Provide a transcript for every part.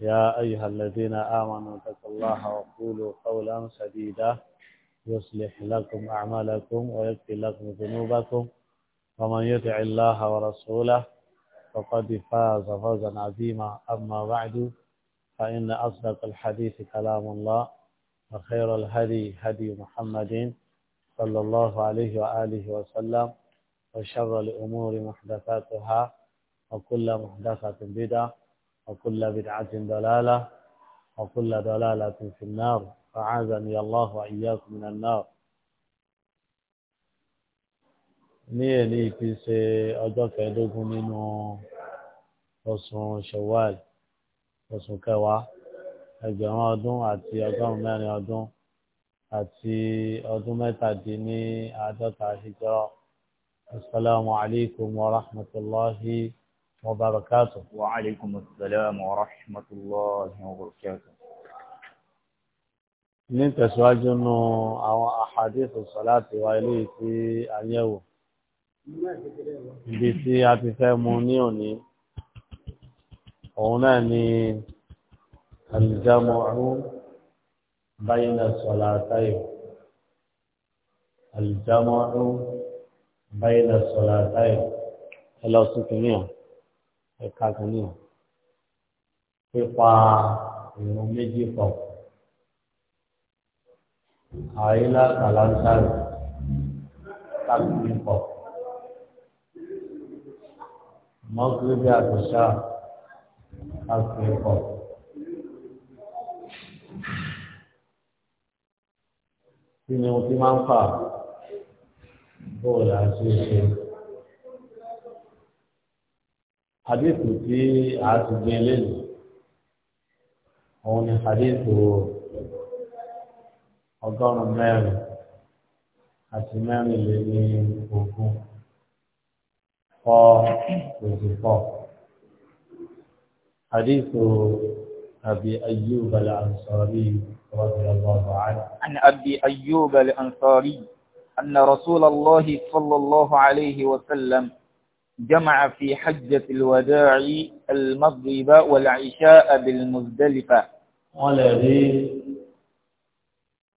يا أيها الذين آمنوا اتقوا الله وقولوا قولا سديدا يصلح لكم أعمالكم ويكفي لكم ذنوبكم ومن يطع الله ورسوله فقد فاز فوزا عظيما أما بعد فإن أصدق الحديث كلام الله وخير الهدي هدي محمد صلى الله عليه وآله وسلم وشر الأمور محدثاتها وكل محدثة بدعة وكل بدعة ضلالة وكل ضلالة في النار فعاذني الله وإياكم من النار ní èyí fi ṣe ọjọ́ kẹẹ̀ẹ́dógún nínú oṣù Shawwal oṣù kẹwàá ẹgbẹ̀rún ọdún àti ọgọ́rùn mẹ́rin ọdún àti ọdún mẹ́tàdínní àádọ́ta hijrọ́ asalaamu alaykum wa rahmatulahi. وبركاته وعليكم السلام ورحمة الله وبركاته ní tẹ̀síwájú nù àwọn àhàdíìsì sọ́láàtì wa eléyìí tí a yẹ̀wò ibi tí a ti fẹ́ mú ní òní òun náà ni alìjámọ̀ ọ̀hún báyìí na sọ̀làtàyò alìjámọ̀ ọ̀hún báyìí na sọ̀làtàyò ẹlọ́sùn kìíní ọ̀hún ẹ̀ka kan ní o pípa ìrun méjì pọ̀ àìlá kàlánsárì tábìlì pọ̀ mọ́gíríbì àtúnṣá tábìlì pọ̀. Kí ni ohun tí máa ń fà bóòlù àti ìṣe? hadithu tí a ti gbé lẹ́nu òun ni hadithu ọgọ́rùn-ún mẹ́rin àti mẹ́rin lé ní ogún fọ́ twenty four hadithu abi ayyub al-ansari رضي الله عنه عن أبي أيوب الأنصاري أن رسول الله صلى الله عليه وسلم جمع في حجة الوداع المغرب والعشاء بالمزدلفة قال لي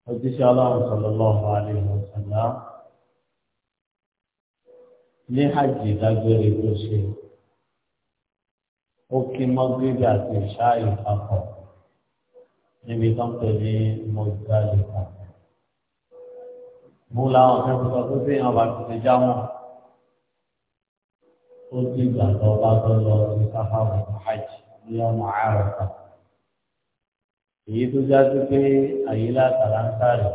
حديث الله صلى الله عليه وسلم لحج تجري بشيء وكي مضيبة عشاء فقط نبي تنقلي مزدلفة مولا وكيف تقول فيها أبعد جامعه ó ti gbà tó bá tó lọ sí sáfàbù hajj ní ọmọ àràfà èyí tó já sí pé àyè látara ń sáré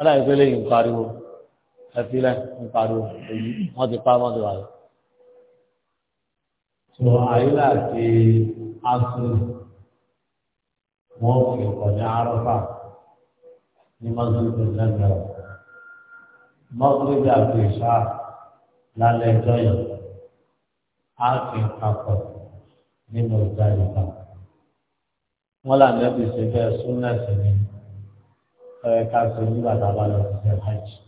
aláìpẹ́ lẹ́yìn pariwo ẹ̀fílẹ̀ ń pariwo èyí wọ́n ti pa wọ́n ti wà lọ. sọ àyè láti asùn wọ́n fi ọkọ̀ ní àràfà ní mọ́tò ìgbà náà mọ́tò ìgbà tó ìṣáà. lálẹ́ ẹjọ́ yẹn á fi papọ̀ nínú ìjà ìta. wọ́n là nẹ́bí ṣe bẹ́ẹ̀ súnẹ́sì ni ẹ ká ṣe nígbà tá a bá lọ se nigba ta a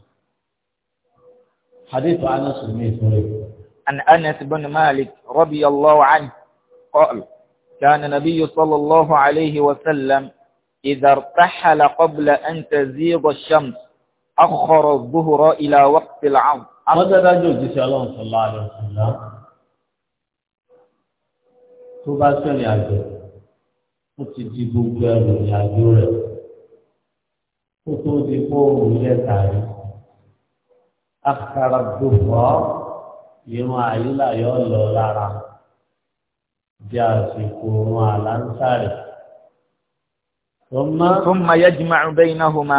حديث أنس بن مالك عن أنس بن مالك رضي الله عنه قال كان النبي صلى الله عليه وسلم إذا ارتحل قبل أن تزيغ الشمس أخر الظهر إلى وقت العصر àwọn tó dájú òjíṣẹ́ ọlọ́run sọlá àlọ́ sọlá tó bá sẹ́rìn àjò ó ti di gbogbo ẹrù ìrìn àjò rẹ̀ kó tó di fóònù ilẹ̀ tààrí akara gbogbo irun àyílà lọ lára bí àsìkò òun àlàntàrí. ثم يجمع بينهما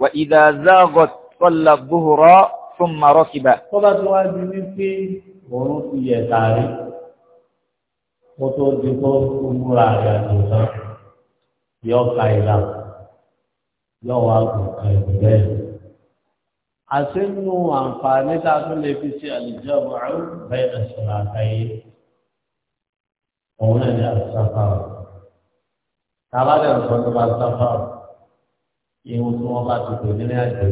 وإذا زاغت sọ́lá gbóhùrọ́ fún màrọ́ kìbà. tó bá tó wá di wípé òun ti yẹ tààrí kó tó di kó múra rẹ̀ àjò tán yọ ka ìlà yọ wá gùn ka ìlú bẹ́ẹ̀. àti nínú àǹfààní tá a tún lè fi ṣe àlùjọ àrùn bẹ́ẹ̀ ẹ̀sọ̀rọ̀ àtàyè òun náà ní àṣàfà tàbá dẹ̀ ń sọ tó bá ṣàfà ìhun tí wọ́n bá ti pè nílé àjò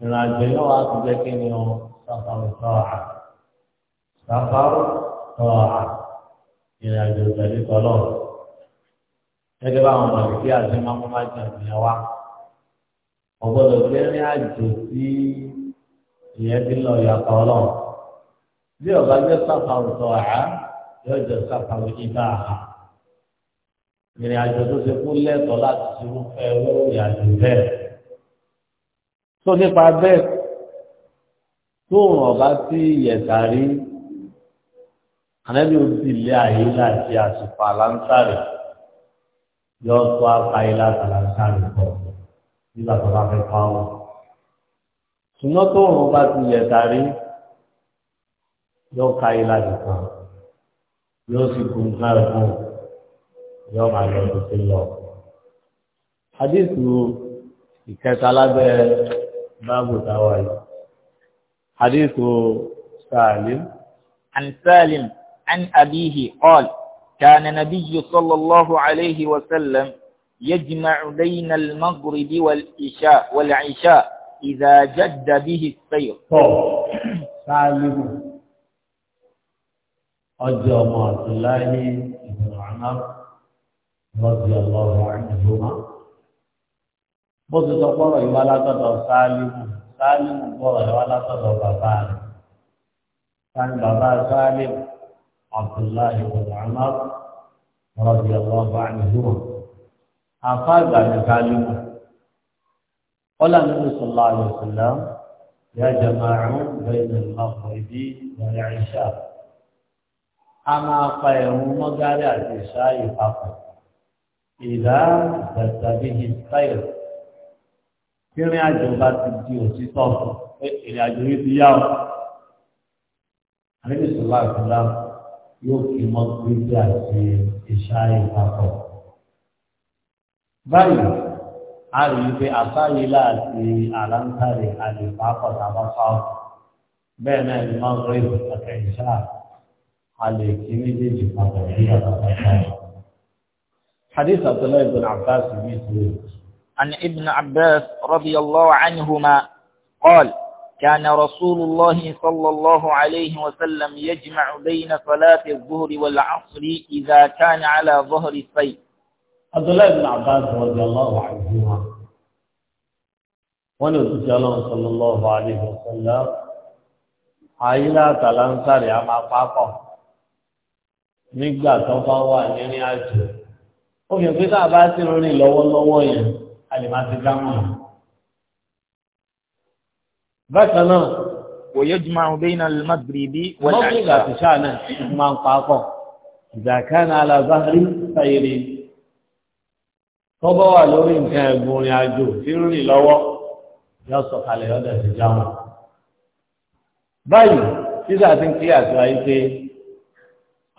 ìrìn àjò yóò wá ti jẹ́ kí ni ọ sáfàrù tọ́ọ̀à sáfàrù tọ́ọ̀à ìrìn àjò pẹ̀lú tọ́lọ̀ gẹ́gẹ́ bá àwọn ọ̀nà tí àti mákúmá jẹ̀ nìyẹn wá ọ̀gbọ́dọ̀ gbé ní àjò sí ìyẹn ti lọ yàtọ̀ ọlọ́run bí ọ̀gá jẹ́ sáfàrù tọ́ọ̀à yóò jẹ́ sáfàrù ibà àhà ìrìn tó ṣe kú lẹ́tọ̀ọ́ láti ṣe irúfẹ́ owó ìrìn bẹ́ẹ̀ tó nípa bẹ́ẹ̀ tó ràn ọba tí yẹ̀dá rí ànábì òsìlẹ̀ ayé láti àsìkò àlàntàrì yọ tó àkàyè láti àlàntàrì pọ̀ nígbà tó bá fẹ́ pa wọn. ṣùgbọ́n tó ràn ọba tí yẹ̀dá rí yọ káyè láti kan yóò sì kún káyè fún yọ máa lọ sí lọ. hadith ìkẹta lábẹ́ باب تاوائي حديث سالم عن سالم عن أبيه قال كان نبي صلى الله عليه وسلم يجمع بين المغرب والعشاء والعشاء إذا جد به السير سالم أجمع الله بن عمر رضي الله عنهما bó ti sọ gbọ́rọ̀ ìwà látọ̀dọ̀ sálímù sáálímù gbọ́rọ̀ ìwà látọ̀dọ̀ bàbá rẹ̀ sáálímù bàbá sálímù abdullahi muhammad rọ̀bì lọ́ba àdúrà àfa àgbàdo sáálímù ọ̀là nínú sọlá àlùsọ̀lá yà jẹ máa rún bẹ́ẹ̀ ní fọ ibi lọ́rẹ́ àìsà a máa fa ẹ̀rù mọ́gárì àti ìṣá ìpapọ̀ ìdá tàbí bàtàbí ìsáyẹ̀sì. kírin àjò bá ti di òtítọ́ pé ìrìn àjò yìí ti yá o. àríwí sọlá ìfúnlá yóò fi mọ gbígbé àti ìṣá ìpapọ̀. báyìí a rí i pé àṣàyè láti àlàntàrí àlèpapọ̀ tàbá fáwọn bẹ́ẹ̀ náà ni wọ́n rí ọ̀kẹ́ ìṣá àlèkí méjèèjì papọ̀ ní hadith abdullahi bin abbas bíi ti rẹ̀. عن ابن عباس رضي الله عنهما قال كان رسول الله صلى الله عليه وسلم يجمع بين صلاة الظهر والعصر إذا كان على ظهر السيف عبد الله بن عباس رضي الله عنهما wọn lè صلى الله عليه وسلم wasallam àyílá tàlántàrí a máa pápọ̀ وعنيني عجل bá wà nínú àjò ó fi pé a lè máa ti dáhùn rẹ̀. bákan náà wa yajma'u bayna al-maghribi wal 'isha mọ́gbìn àti ṣáà náà máa ń pa pọ̀ idha kana 'ala zahri sayri tọ́bọ̀ wà lórí nǹkan ẹ̀gbọ́n rìn àjò tí ń rìn lọ́wọ́ yóò sọ̀kalẹ̀ ọ̀dẹ̀ ti dáhùn. báyìí títà ti ń kíyà sí wáyé pé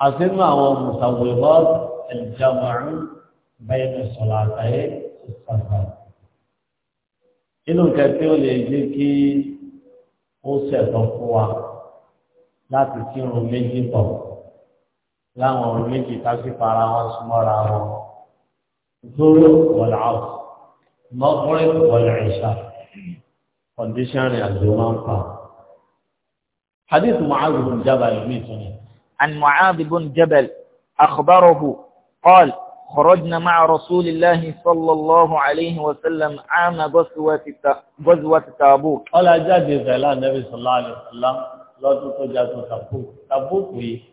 àfihàn àwọn mùsàwùrọ̀ ẹ̀jẹ̀ mọ̀ọ́rùn-ún bẹ́ẹ̀ inú nǹkan tí ó lè jẹ́ kí ó ṣẹ̀tọ́ fún wa láti kírun méjì pọ̀ láwọn ọ̀rọ̀ méjì tásìkò ara wọn súnmọ́ra wọn zoro wọ̀lá ọ̀sùn mọ́kúrẹ́ wọ̀lá ìṣà kọ̀ǹdíṣàn rẹ̀ àjò máa ń pa. حديث معاذ بن جبل عن معاذ بن جبل أخبره قال خرجنا مع رسول الله صلى الله عليه وسلم عام غزوة غزوة تبوك على جاد زلا النبي صلى الله عليه وسلم لا تتجا تبوك تبوك وي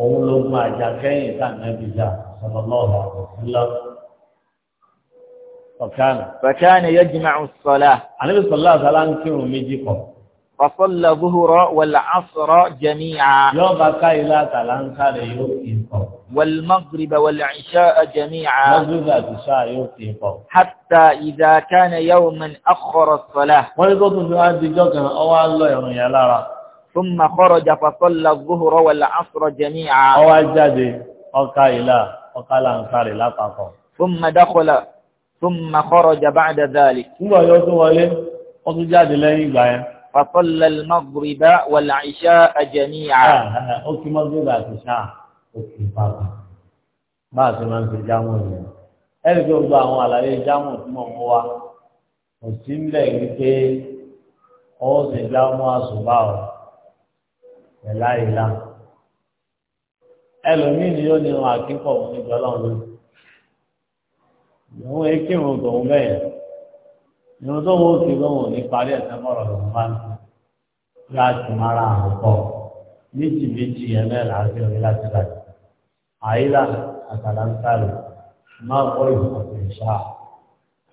òun ló gba àjà kẹ́yìn tá صلى الله عليه. alaihi فكان فكان يجمع الصلاة النبي صلى الله عليه وسلم kírun méjì فصلى ظهر والعصر جميعا. yóò bá ká ilé àtàlà ń والمغرب والعشاء جميعا حتى إذا كان يوما أخر الصلاة ثم خرج فصلى الظهر والعصر جميعا ثم دخل ثم خرج بعد ذلك فصلى المغرب والعشاء جميعا ó ti papọ̀ bá a ti máa ń fi jámọ̀ yẹn ẹ̀rí pé gbogbo àwọn àlàyé jámọ̀ tí mo mú wa kò sí ń bẹ̀ wípé ó sì jámọ̀ àṣùbà ọ̀ ẹ̀ láyé lá ẹlòmíì ni yóò ní wọn àkínkọ̀ wọn nígbà ọlọ́run lónìí ìyàwó ekí wọn tòun bẹ́ẹ̀ ìyàwó tó wọn kì í ní parí ẹ̀sẹ̀ mọ́rọ̀ lọ́wọ́ bá ń tún láti mara àkọ́kọ́ méjì méjì yẹn bẹ́ẹ̀ láti ọ̀rẹ́ láti láti. àìlà àtàlánsáàlù ما kọ́ ìfọ̀tẹ̀ ìṣá.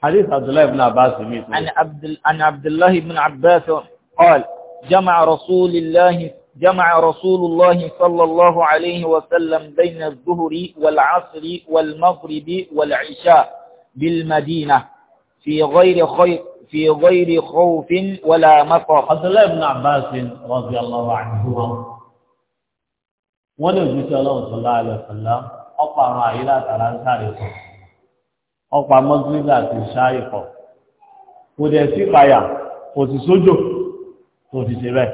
حديث عبد الله بن عباس عن عبد عن عبد الله بن عباس قال جمع رسول الله جمع رسول الله صلى الله عليه وسلم بين الظهر والعصر والمغرب والعشاء بالمدينة في غير خير في غير خوف ولا مطر عبد الله بن عباس رضي الله عنهما wọ́n lè ju sí ọlọ́run tó láàlẹ̀ pẹ̀lá ọ̀pọ̀ àwọn àyè látara ń sáré pọ̀ ọ̀pọ̀ amọ́gírígà ti sáré pọ̀ kò dẹ̀ sí ìpayà kò sì sójò kò sì ṣe bẹ́ẹ̀.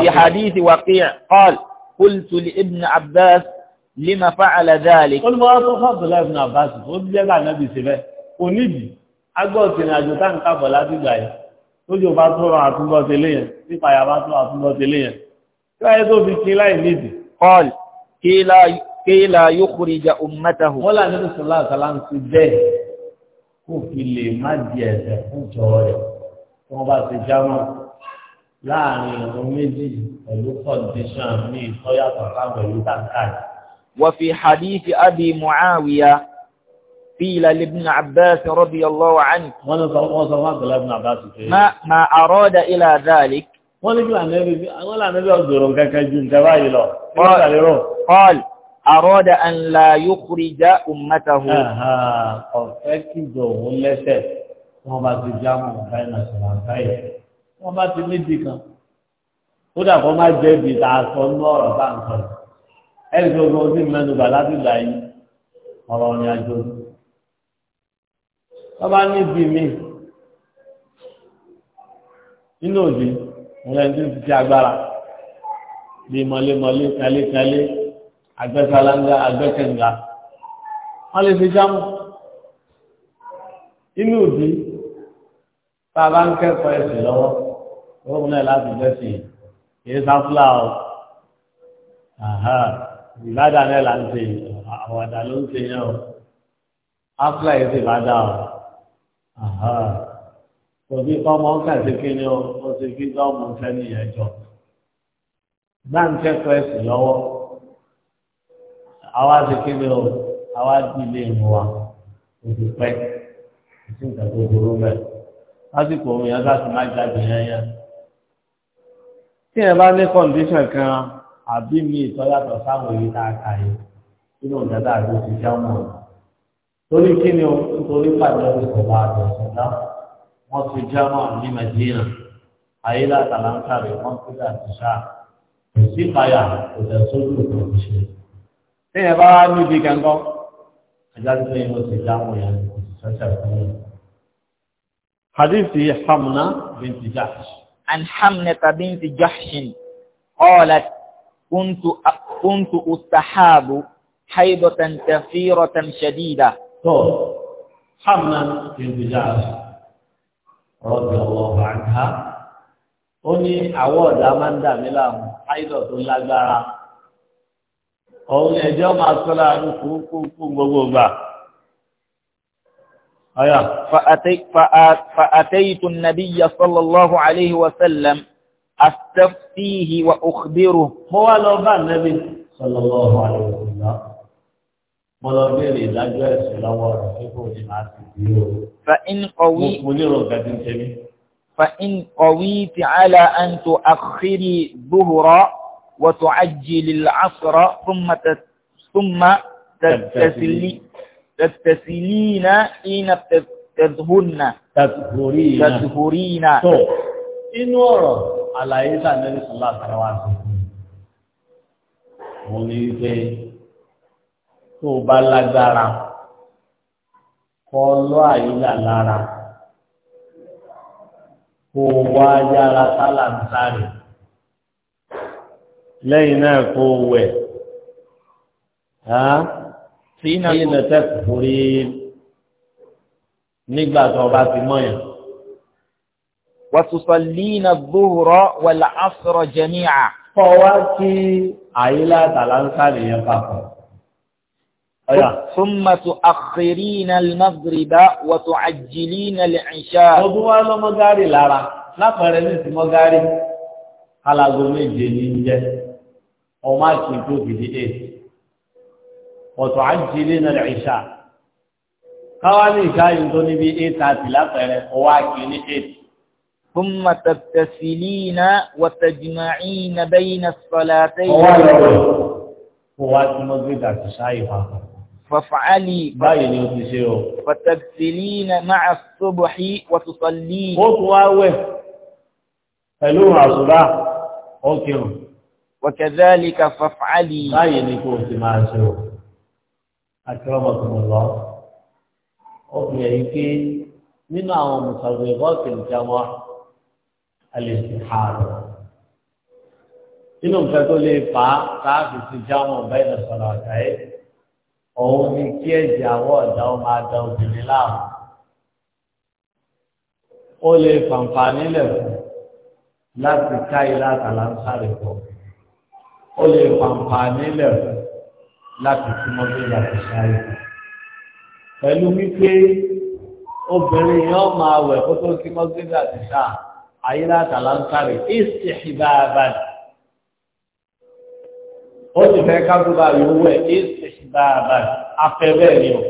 في حديث وقيع قال قلت لابن عباس لما فعل ذلك قل ما تفضل ابن عباس قل جاء النبي سبه onídìí agbọ́ọ̀tì ní àjò táǹkà bọ̀ láti gbà yẹn tójú bá tó rọ àtúbọ̀ tẹ́lẹ̀ yẹn nípa bá tó àtúbọ̀ tẹ́lẹ̀ yẹn láyé tó fi kí láì nídìí. paul kéèlà yóò kúrì ìjà ummatahu. wọ́n là nínú sọlá àtàlà ń ti bẹ́ẹ̀ kó fi lè má di ẹ̀sẹ̀ fún jọ rẹ̀ wọ́n bá ti jámọ́ láàrin ọ̀rọ̀ méjì pẹ̀lú kọ́ndíṣàn ní ìtọ́yàtọ̀ láwọn ìlú táǹkàì. وفي حديث أبي معاوية قيل لابن عباس رضي الله عنه ما, ما أراد إلى ذلك wọ́n ní lànàbí ọ̀dọ̀rọ̀ kankan ju nǹkan báyìí lọ. Paul àrọ́dà an la yukhrija ummatahu. Ọ̀fẹ́ kìjọ òun lẹ́sẹ̀ wọ́n bá ti já mọ̀ báyìí náà sọ̀rọ̀ àbáyé. Wọ́n bá ti níbi kan. Ó dàpọ̀ má jẹ́ ibi tá a sọ ní ọ̀rọ̀ bá ń sọ̀rọ̀. Ẹ̀rí tó gbọ́ sí mẹ́nu bà láti gbà yín ọ̀rọ̀ ọ̀rìn àjò. Wọ́n bá níbi mi nínú òdì ìrìn tí ń ti agbára bí mọlémọlé kálékálé agbẹ́sálángá agbẹ́kẹ̀ǹgá wọ́n lè fi jámù inú òbí tá a bá ń kẹ́kọ̀ọ́ ẹ̀sìn lọ́wọ́ òun náà láti bẹ́sì kìí sáfúlà ọ̀ ìbádà náà là ń ṣe àwàdà ló ń ṣe yẹn ọ̀ áfúlà yìí sì bá dà ọ̀ òbí kọ́ ọmọ ọ̀kà kí ni ó ti fi gọ́ọ̀mù sẹ́ni yẹn jọ. Gbáǹkẹ́ pẹ́sì lọ́wọ́. Àwa ti kí ni ó àwa di ilé ìmú wa. Oṣù pẹ́ sí nǹkan burú bẹ́ẹ̀. Lásìkò òun yẹn láti má jáde yányá. Tí ẹ bá ní kọ̀ǹdíṣàn kan àbí mi ìtọ́yàtọ̀ sáwọn èyí tá a kà yìí nínú ìdádá àti òṣìṣẹ́ ọmọ rẹ̀. Torí kí ni o? Nítorí pàdé ọ̀sẹ̀ bá a bẹ̀rẹ̀ sọ̀dá. wọ́n ti jámọ́ ní Mẹ́dínà ayé látàlá ń sáré wọ́n ti dà sí sáà kò sí fàyà kò tẹ̀ sójú kò ń ṣe. bá wá níbi kankan ajá ti sẹ́yìn ló ti jámọ́ yẹn kò sì sẹ́sẹ̀ fún yẹn. حديث حمنا بنت جحش عن حمنة بنت جحش قالت كنت كنت أستحاب حيضة كثيرة شديدة. حمنا بنت جحش rọ́bì ọlọ́ọ̀bà ń ká ó ní àwọ̀ ọ̀dà máa ń dà mí láàmú áìdọ̀ tó lágbára òun ẹ̀jẹ̀ ọmọ asọ́lá ní kúrúkúrú gbogbo gbà. Aya. Fa'ataitu Nabiya sallallahu alaihi wa sallam astaftihi wa ukhbiruhu. Mo wá lọ bá Nabi sallallahu alaihi wa sallam mo lọ béèrè ìdájọ́ ẹ̀sìn lọ́wọ́ rẹ̀ pé kò ní máa ti di o. fa in kọ̀wé. mo lérò gàdí ń tẹ́lẹ̀. fa in kọ̀wé ti àlà an tó àkírí gbóhùrọ̀ wọ́tò àjèlè làásọ̀rọ̀ súnmà tẹ̀sílìnà ìnà tẹ̀síhùnà. tẹ̀síhùrìnà. tẹ̀síhùrìnà. tó inú ọ̀rọ̀ àlàyé sàn tó o bá lágbára kọ lọ àyílà lára kó o wá yára sálàǹsárì lẹ́yìn náà kó o wẹ̀ tí iná tẹ́kùn rí nígbà tó o bá ti mọ̀ yẹn. وتصلين الظهر والعصر جميعا. فواتي عيلة الأنصار يقفوا. ثم تؤخرين المغرب وتعجلين العشاء ọdún wa lọ mọ́gárì lára lápẹẹrẹ ní ti mọ́gárì alago méje ní ń jẹ ọmọ àti ìkó gidi e وتعجلين العشاء káwá ní ìṣá yìí tó níbi eight thirty lápẹẹrẹ ọwọ́ àkè ní eight. ثم تتسلين وتجمعين بين الصلاتين. ọwọ́ àlọ́ rẹ̀ kó wá sí mọ́gírì àti ṣáà ìfàkàn. فافعلي باين يوتيشيو فتغسلين مع الصبح وتصلين قطوة فلوها صلاة اوكي وكذلك فافعلي باين يكون ما شو اكرمكم الله اوكي يمكن من مصوغات الجمع الاستحاضة inú nǹkan tó lè fà á káàkiri jámọ̀ bẹ́ẹ̀ òun ni kí ẹ̀jẹ̀ àwọ̀ ọ̀dà ó máa da obìnrin láàmú. ó lè fàǹfààní lẹ̀ fún láti ká ilá àtàlánsáre pọ̀. ó lè fàǹfààní lẹ̀ fún láti túmọ̀ bí láti sáré pọ̀. pẹ̀lú wípé obìnrin yẹn máa wẹ̀ kó kí mọ́gbẹ́gbẹ́ àti sáà ayé látàlánsáre ìsìkì bá a bá ó sì fẹ́ kábùbà yòówù ẹ̀ kí ìṣèṣìbàbà afẹ́fẹ́ ni o.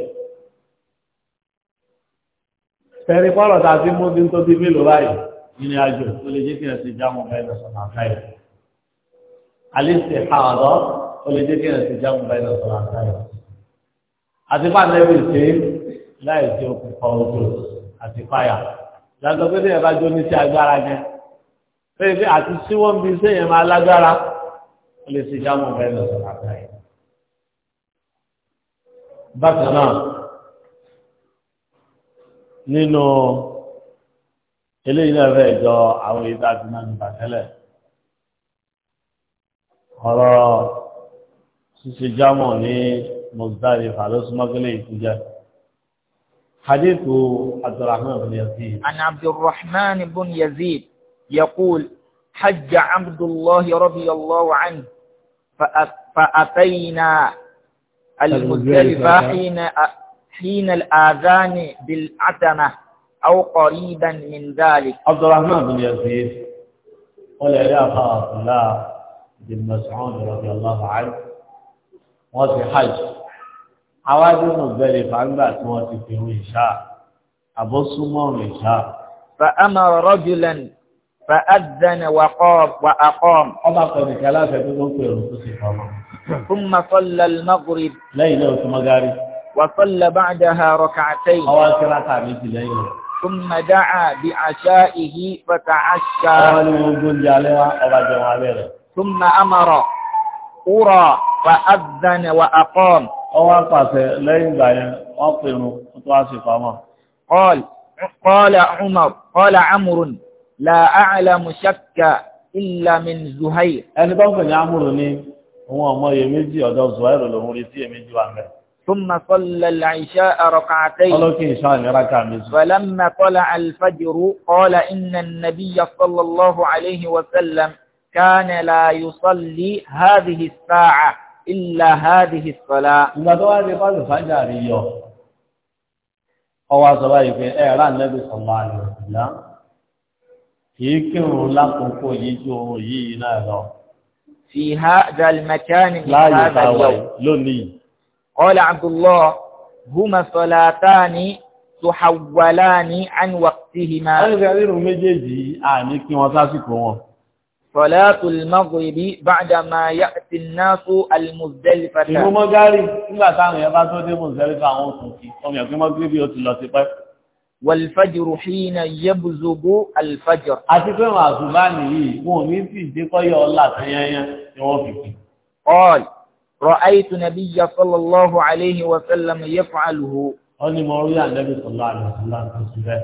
Fẹ́rí pọ́lọ̀ tá a ti mú bí tó ti mí lò báyìí nínú àjò tó lè jẹ́ kí ẹ̀ sì jámù bẹ́ẹ̀ lọ́sọ̀rọ̀ àkáyọ̀. Àlìsè àwọ̀dọ́ ó lè jẹ́ kí ẹ̀ sì jámù bẹ́ẹ̀ lọ́sọ̀rọ̀ àkáyọ̀. Àti pàtẹ́bì ṣe láì sí okùnfà ojú àti fáyà. Ìdájọ́ pé tí ẹ bá jó ní sí agbára jẹ. Fẹ́ẹ́ àti síwọ́n bí sẹ́yìn máa lágbára. الاستجامة غير نظر عبدائي بكنا نينو إلينا فيجا أو إذا كنا نبكلا هرا استجامة حديث عبد الرحمن بن يزيد عن عبد الرحمن بن يزيد يقول حج عبد الله رضي الله عنه فأتينا المزدلفة حين حين الآذان بالعتمة أو قريبا من ذلك عبد الرحمن بن يزيد قال يا عبد الله بن مسعود رضي الله عنه وفي حج حوادث مختلفة عن بعد موت في عشاء أبو الصمام عشاء فأمر رجلا fa adana wa akọ́m. ọba kọ̀ọ̀nì kí aláṣẹ tó tó ń pè ọ̀rọ̀ tó sì fọ́ ọmọ. fún masọ́lá maghrib. lẹ́yìn náà tó magari. وصلى بعدها ركعتين ثم دعا بعشائه فتعشى ثم أمر أرى فأذن وأقام قال قال عمر قال عمر la a'lamu shakka illa min zuhair. ẹni tó ń pè ní amúrù ni òun ọmọ iyèméjì ọ̀dọ̀ zuhair lòun rí sí iyèméjì wa mẹ́. ثم صلى العشاء ركعتين فلما طلع الفجر قال إن النبي صلى الله عليه وسلم كان لا يصلي هذه الساعة إلا هذه الصلاة أو النبي صلى الله عليه وسلم kìí kírun lákòókò yìí ju ohun yìí náà lọ. fi hadha al-makan ní hadha al-yawm. lónìí. qala abdullah huma salatani tuhawwalani an waqtihima. wọ́n ti rírun méjèèjì àní kí wọ́n sásìkò wọn. salatul maghribi ba'da ma ya'ti an-nasu al-muzdalifata. ìmúmọ́gárì nígbà táwọn yẹn bá tó dé Muzdalifa àwọn òkùnkì ọmọ ìyàgbẹ́mọ́gírí bí ó ti lọ sí pẹ́ wàlfàjìrù hìnà yẹ́bùzógó alfàjìr. àti pé wọn àtúbá nìyí wọn ò ní sì dékọ́yọ̀ ọ̀la tẹ́yẹ́yẹ́ ni wọ́n fi kú. ọ̀l rọ̀áìtù nàbí ya sọlọ́lọ́hu aleyhi wa sallam yẹ́fàlùhù. wọ́n ní mo rí ànábì sọ̀lá àlùsọ̀lá tó ti rẹ̀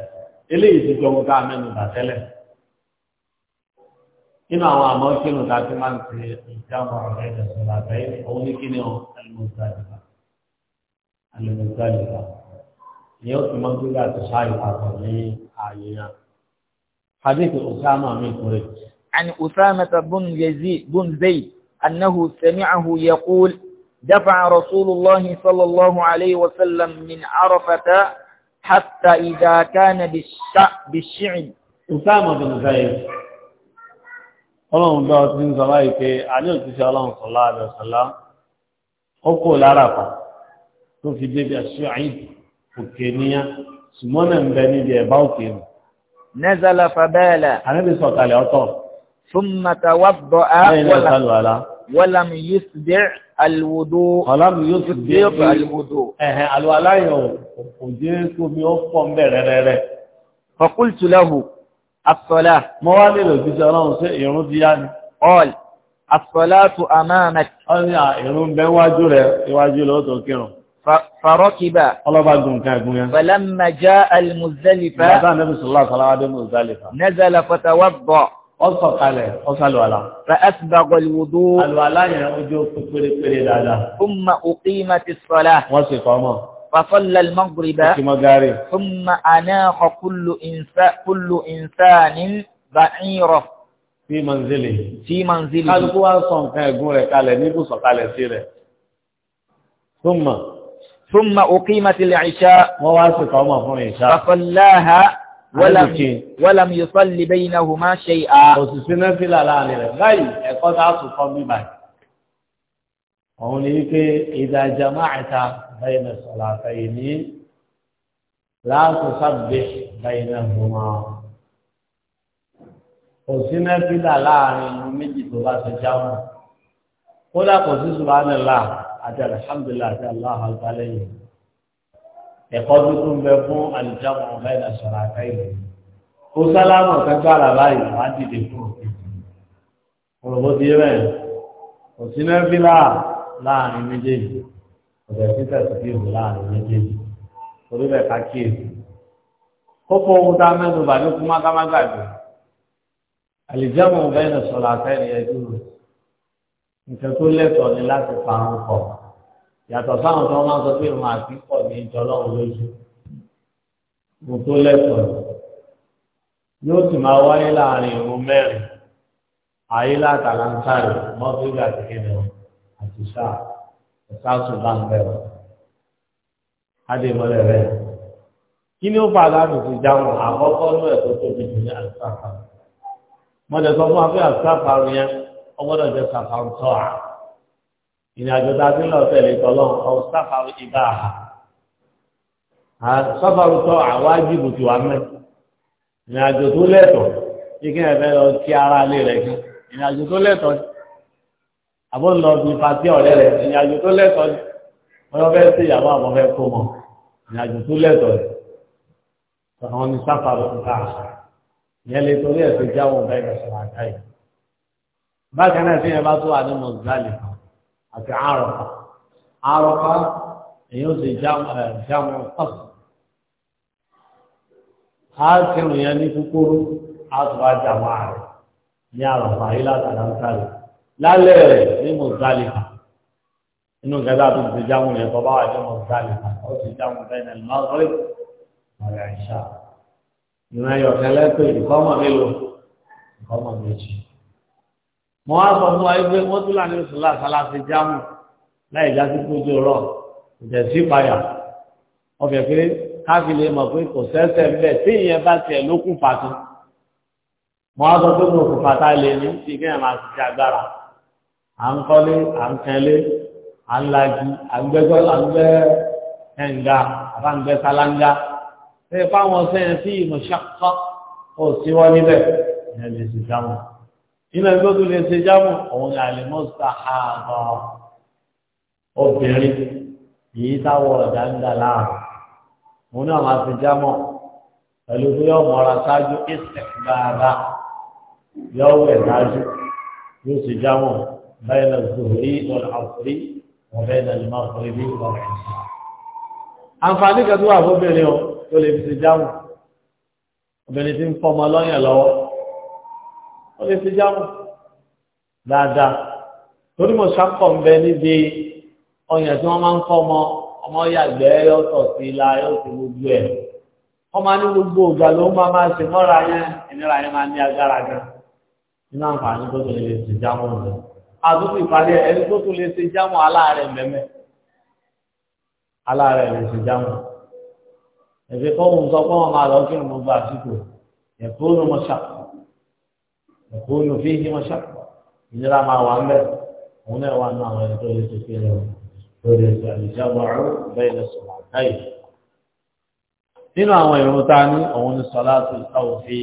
eléyìí ti jọmọ ká mẹ́nu bà tẹ́lẹ̀. nínú àwọn àmọ́ kínú tá a ti máa ń ṣe ìjábọ̀ ọ̀rẹ́ ìjọsọ̀lá àgbáyé òun ní kíni ọ̀ ni ó fi mọ́ gbígbé àti ṣáàyè papọ̀ ní ààyè náà. Hadith Usama mi kúrè. عن أسامة بن يزيد بن زيد أنه سمعه يقول دفع رسول الله صلى الله عليه وسلم من عرفة حتى إذا كان بالشعب Usama bin Zayd ọlọ́run bá ọtí ń sọlá ìpé àní òtíṣẹ́ ọlọ́run sọlá àbẹ̀sọlá ó kò lára pa tó fi débi àṣíwáyìí òkè níyà ṣùgbọ́n náà ń bẹ níbi ẹ̀bá òkè nù. nẹ́sàlá fàbẹ́ẹ̀lẹ̀. àníbi sọ̀kalẹ̀ ọ̀tọ̀. fún màtà wà bọ̀ á wọ́lá wọ́lá mi yóò sì dé alùwòdó. wọ́lá mi yóò sì dé alùwòdó. ẹ̀hẹ̀ alùwàlá yẹn kò jẹ́ kó ó pọ̀ ń bẹ̀ rẹ́rẹ́rẹ́. fakultu lahu asọ́lá. mo wá nílò jíjẹ ọlọ́run ṣé ìrún ti yá ni. ọ̀l asọ́lá tu amáàmẹ́. ọ ní à ìrún bẹ́ rẹ̀ iwájú lọ́tọ̀ kírun. Farọ́kìbà. Ọlọ́ba gùn kan gùn yẹn. Falamma já al-Muzdalifa. Ìyàtọ̀ Ànábì sallallahu alaihi wasallam Muzdalifa. Nazala fatawadda. Ọ̀sọ̀ kalẹ̀ ọ̀sàlù àlà. Fa asbagha al-wudu. Àlù àlá yẹn ojú òkú pérépéré dáadáa. Thumma uqimatis salah. Wọ́n sì kọ́ mọ̀. فصلى المغرب ثم أناخ كل إنسان كل إنسان بعيره في منزله في منزله قال هو صنع غور قال نيبو صقال سيره ثم ثم أقيمت العشاء فصلاها ولم ولم يصلي بينهما شيئا òun ni wípé ìdájà máa ta bẹ́ẹ̀nà sọ̀làfẹ́ ìní láàtò sábẹ́ bẹ́ẹ̀nà gbọmọ. kò sí nẹ́fílà láàrin méjì tó bá ti jáwọ́ kódà kò sí sùbánilá àti alihamudulilayi àti aláha gbalẹ̀ yìí ẹ̀kọ́ tuntun bẹ fún alijamu bẹ́ẹ̀ náà sọ̀rọ̀ àká ìlú kó sálámù kankan àlà báyìí wá dìde fún òkèèjì òròbó ti yé bẹ́ẹ̀ kò sí nẹ́fílà láàrin méjèèjì kò bẹ̀ sí tẹ̀síkìrù láàrin méjèèjì torí bẹ̀ ká kíyèsí kókó ohun tá a mẹ́nu bà ní kúmá ká má gbàgbé alijamu bẹ́ẹ̀ náà sọ̀rọ̀ àká ìlú ẹ̀dúró nǹkan tó lẹ́tọ̀ọ́ ni láti pa àwọn kọ̀ọ̀ yàtọ̀ sáwọn tó máa ń sọ pé òun àti pọ̀ ní ìjọlọ́run lójú mo tó lẹ́kọ̀ọ́ yóò sì máa wáyé láàrin ìrun mẹ́rin ayé látàlántàrí mọ́tòlá kékeré àti sáà ìsásùn bá ń bẹ̀rẹ̀ adémọ́lẹ̀ rẹ̀ kí ni ó fà láti ti dáhùn àkọ́kọ́ ní ẹ̀kọ́ tó ti dùn ní àṣàfà mọ́tò sọ fún wa pé àṣàfà yẹn ọgbọ́dọ̀ jẹ́ sàfà ń tọ́ àá ìrìnàjò tá a ti ń lọ tẹ̀lé tọ́lọ́n ọ̀ sáfàrù ibà sáfàrù tọ́ àwájìbù ti wà mẹ́ ìrìnàjò tó lẹ́tọ̀ kíkẹ́ ẹ̀fẹ́ lọ kí ara lé rẹ̀ kí ìrìnàjò tó lẹ́tọ̀ àbọ̀ ń lọ bí pàtí ọ̀rẹ́ rẹ̀ ìrìnàjò tó lẹ́tọ̀ wọ́n fẹ́ sí ìyàwó àwọn fẹ́ kó mọ̀ ìrìnàjò tó lẹ́tọ̀ àwọn ni sáfàrù ibà ìyẹn lè torí ẹ̀ jáwọ́ bẹ́ẹ̀ àti àrọ̀fà àrọ̀fà èyí ó sì jámọ̀ pọ̀sì a kírun yẹn ní kúkúrú a tó wá jàmọ́ rẹ̀ ní àrọ̀fà yìí látara ń sáré lálẹ́ rẹ̀ ní mọ̀sálífà inú gẹ́gẹ́ àti ti jámọ̀ yẹn kọ́ bá wà ní mọ̀sálífà ó sì jámọ̀ bẹ́ẹ̀ náà lọ́rọ̀ ọ̀rẹ́ àìsà ìrìn ayọ̀kẹ́lẹ́ pé ìkọ́mọ̀ mélòó ìkọ́mọ̀ méjì mo wá sọ fún wa pé wọ́n tún láàrin oṣù làṣàlá ti jámù láì já sí kójú rọ ìjẹ̀ sí payà ọbẹ̀ pé káfí lè mọ̀ pé kò sẹ́sẹ̀ bẹ́ẹ̀ tí ìyẹn bá tiẹ̀ ló kún fàtó mo wá sọ pé mo kò fàtá lè ní ti kí ẹ̀ máa ti ti agbára à ń kọ́lé à ń kẹ́lé à ń lagi à ń gbẹ́gbẹ́ à ń gbẹ́ ẹ̀ǹga àbá ń gbẹ́ sálángá ṣé fáwọn sẹ́yìn sí ìmọ̀ṣàkọ́ ò sí wọ́n níbẹ̀ ìyẹn lè sì dáhùn nínú ẹgbẹ́ tó lè ṣe jámù òun ni àlèmọ́sà àbọ̀ obìnrin yìí táwọ̀ ọ̀dà ń dà láàrú òun náà máa ṣe jámù pẹ̀lú bí yóò mọ̀ra ṣáájú ìsẹ̀kùbára yóò wẹ̀ ṣáájú yóò ṣe jámù báyìí náà zuhuri wọn àfúrí wọn bẹ́ẹ̀ náà lè máa fọrí bí wọn rẹ̀ àǹfààní kan tó wà fún obìnrin o tó lè fi ṣe jámù obìnrin ti ń fọmọ lọ́yàn lọ́wọ́ ó lè ṣe jámù dáadáa torí mo ṣàkọ ńbẹ níbi ọyàn tí wọn máa ń kọ ọmọ ọmọ yàgbẹ́ yóò tọ̀ sí ilá yóò ti gbogbo ẹ̀ wọ́n máa ní gbogbo ògbà ló máa máa ṣe mọ́ra yẹn ìnira yẹn máa ní agbára gan nínú àǹfààní tó tún lè ṣe jámù rẹ̀ àtúntò ìpàdé ẹni tó tún lè ṣe jámù aláàárẹ̀ mẹ́mẹ́ aláàárẹ̀ lè ṣe jámù ẹ̀fẹ́ kọ́ ohun sọ pé wọ́n máa kí n mọ bá àsìkò ẹ̀kọ́ ló mọ ṣàkóso ìkóònù fi yí wọn ṣàkóso ìnira máa wà mẹ òun náà wà nù àwọn ẹni tó lè ṣe fi lọ tó lè ṣe àlùjá bọ̀rọ̀ bẹ́ẹ̀ lọ sọ̀rọ̀ àkáyè. nínú àwọn ìrun tá a ní òun ní sọlá tó ìtawọ̀ fi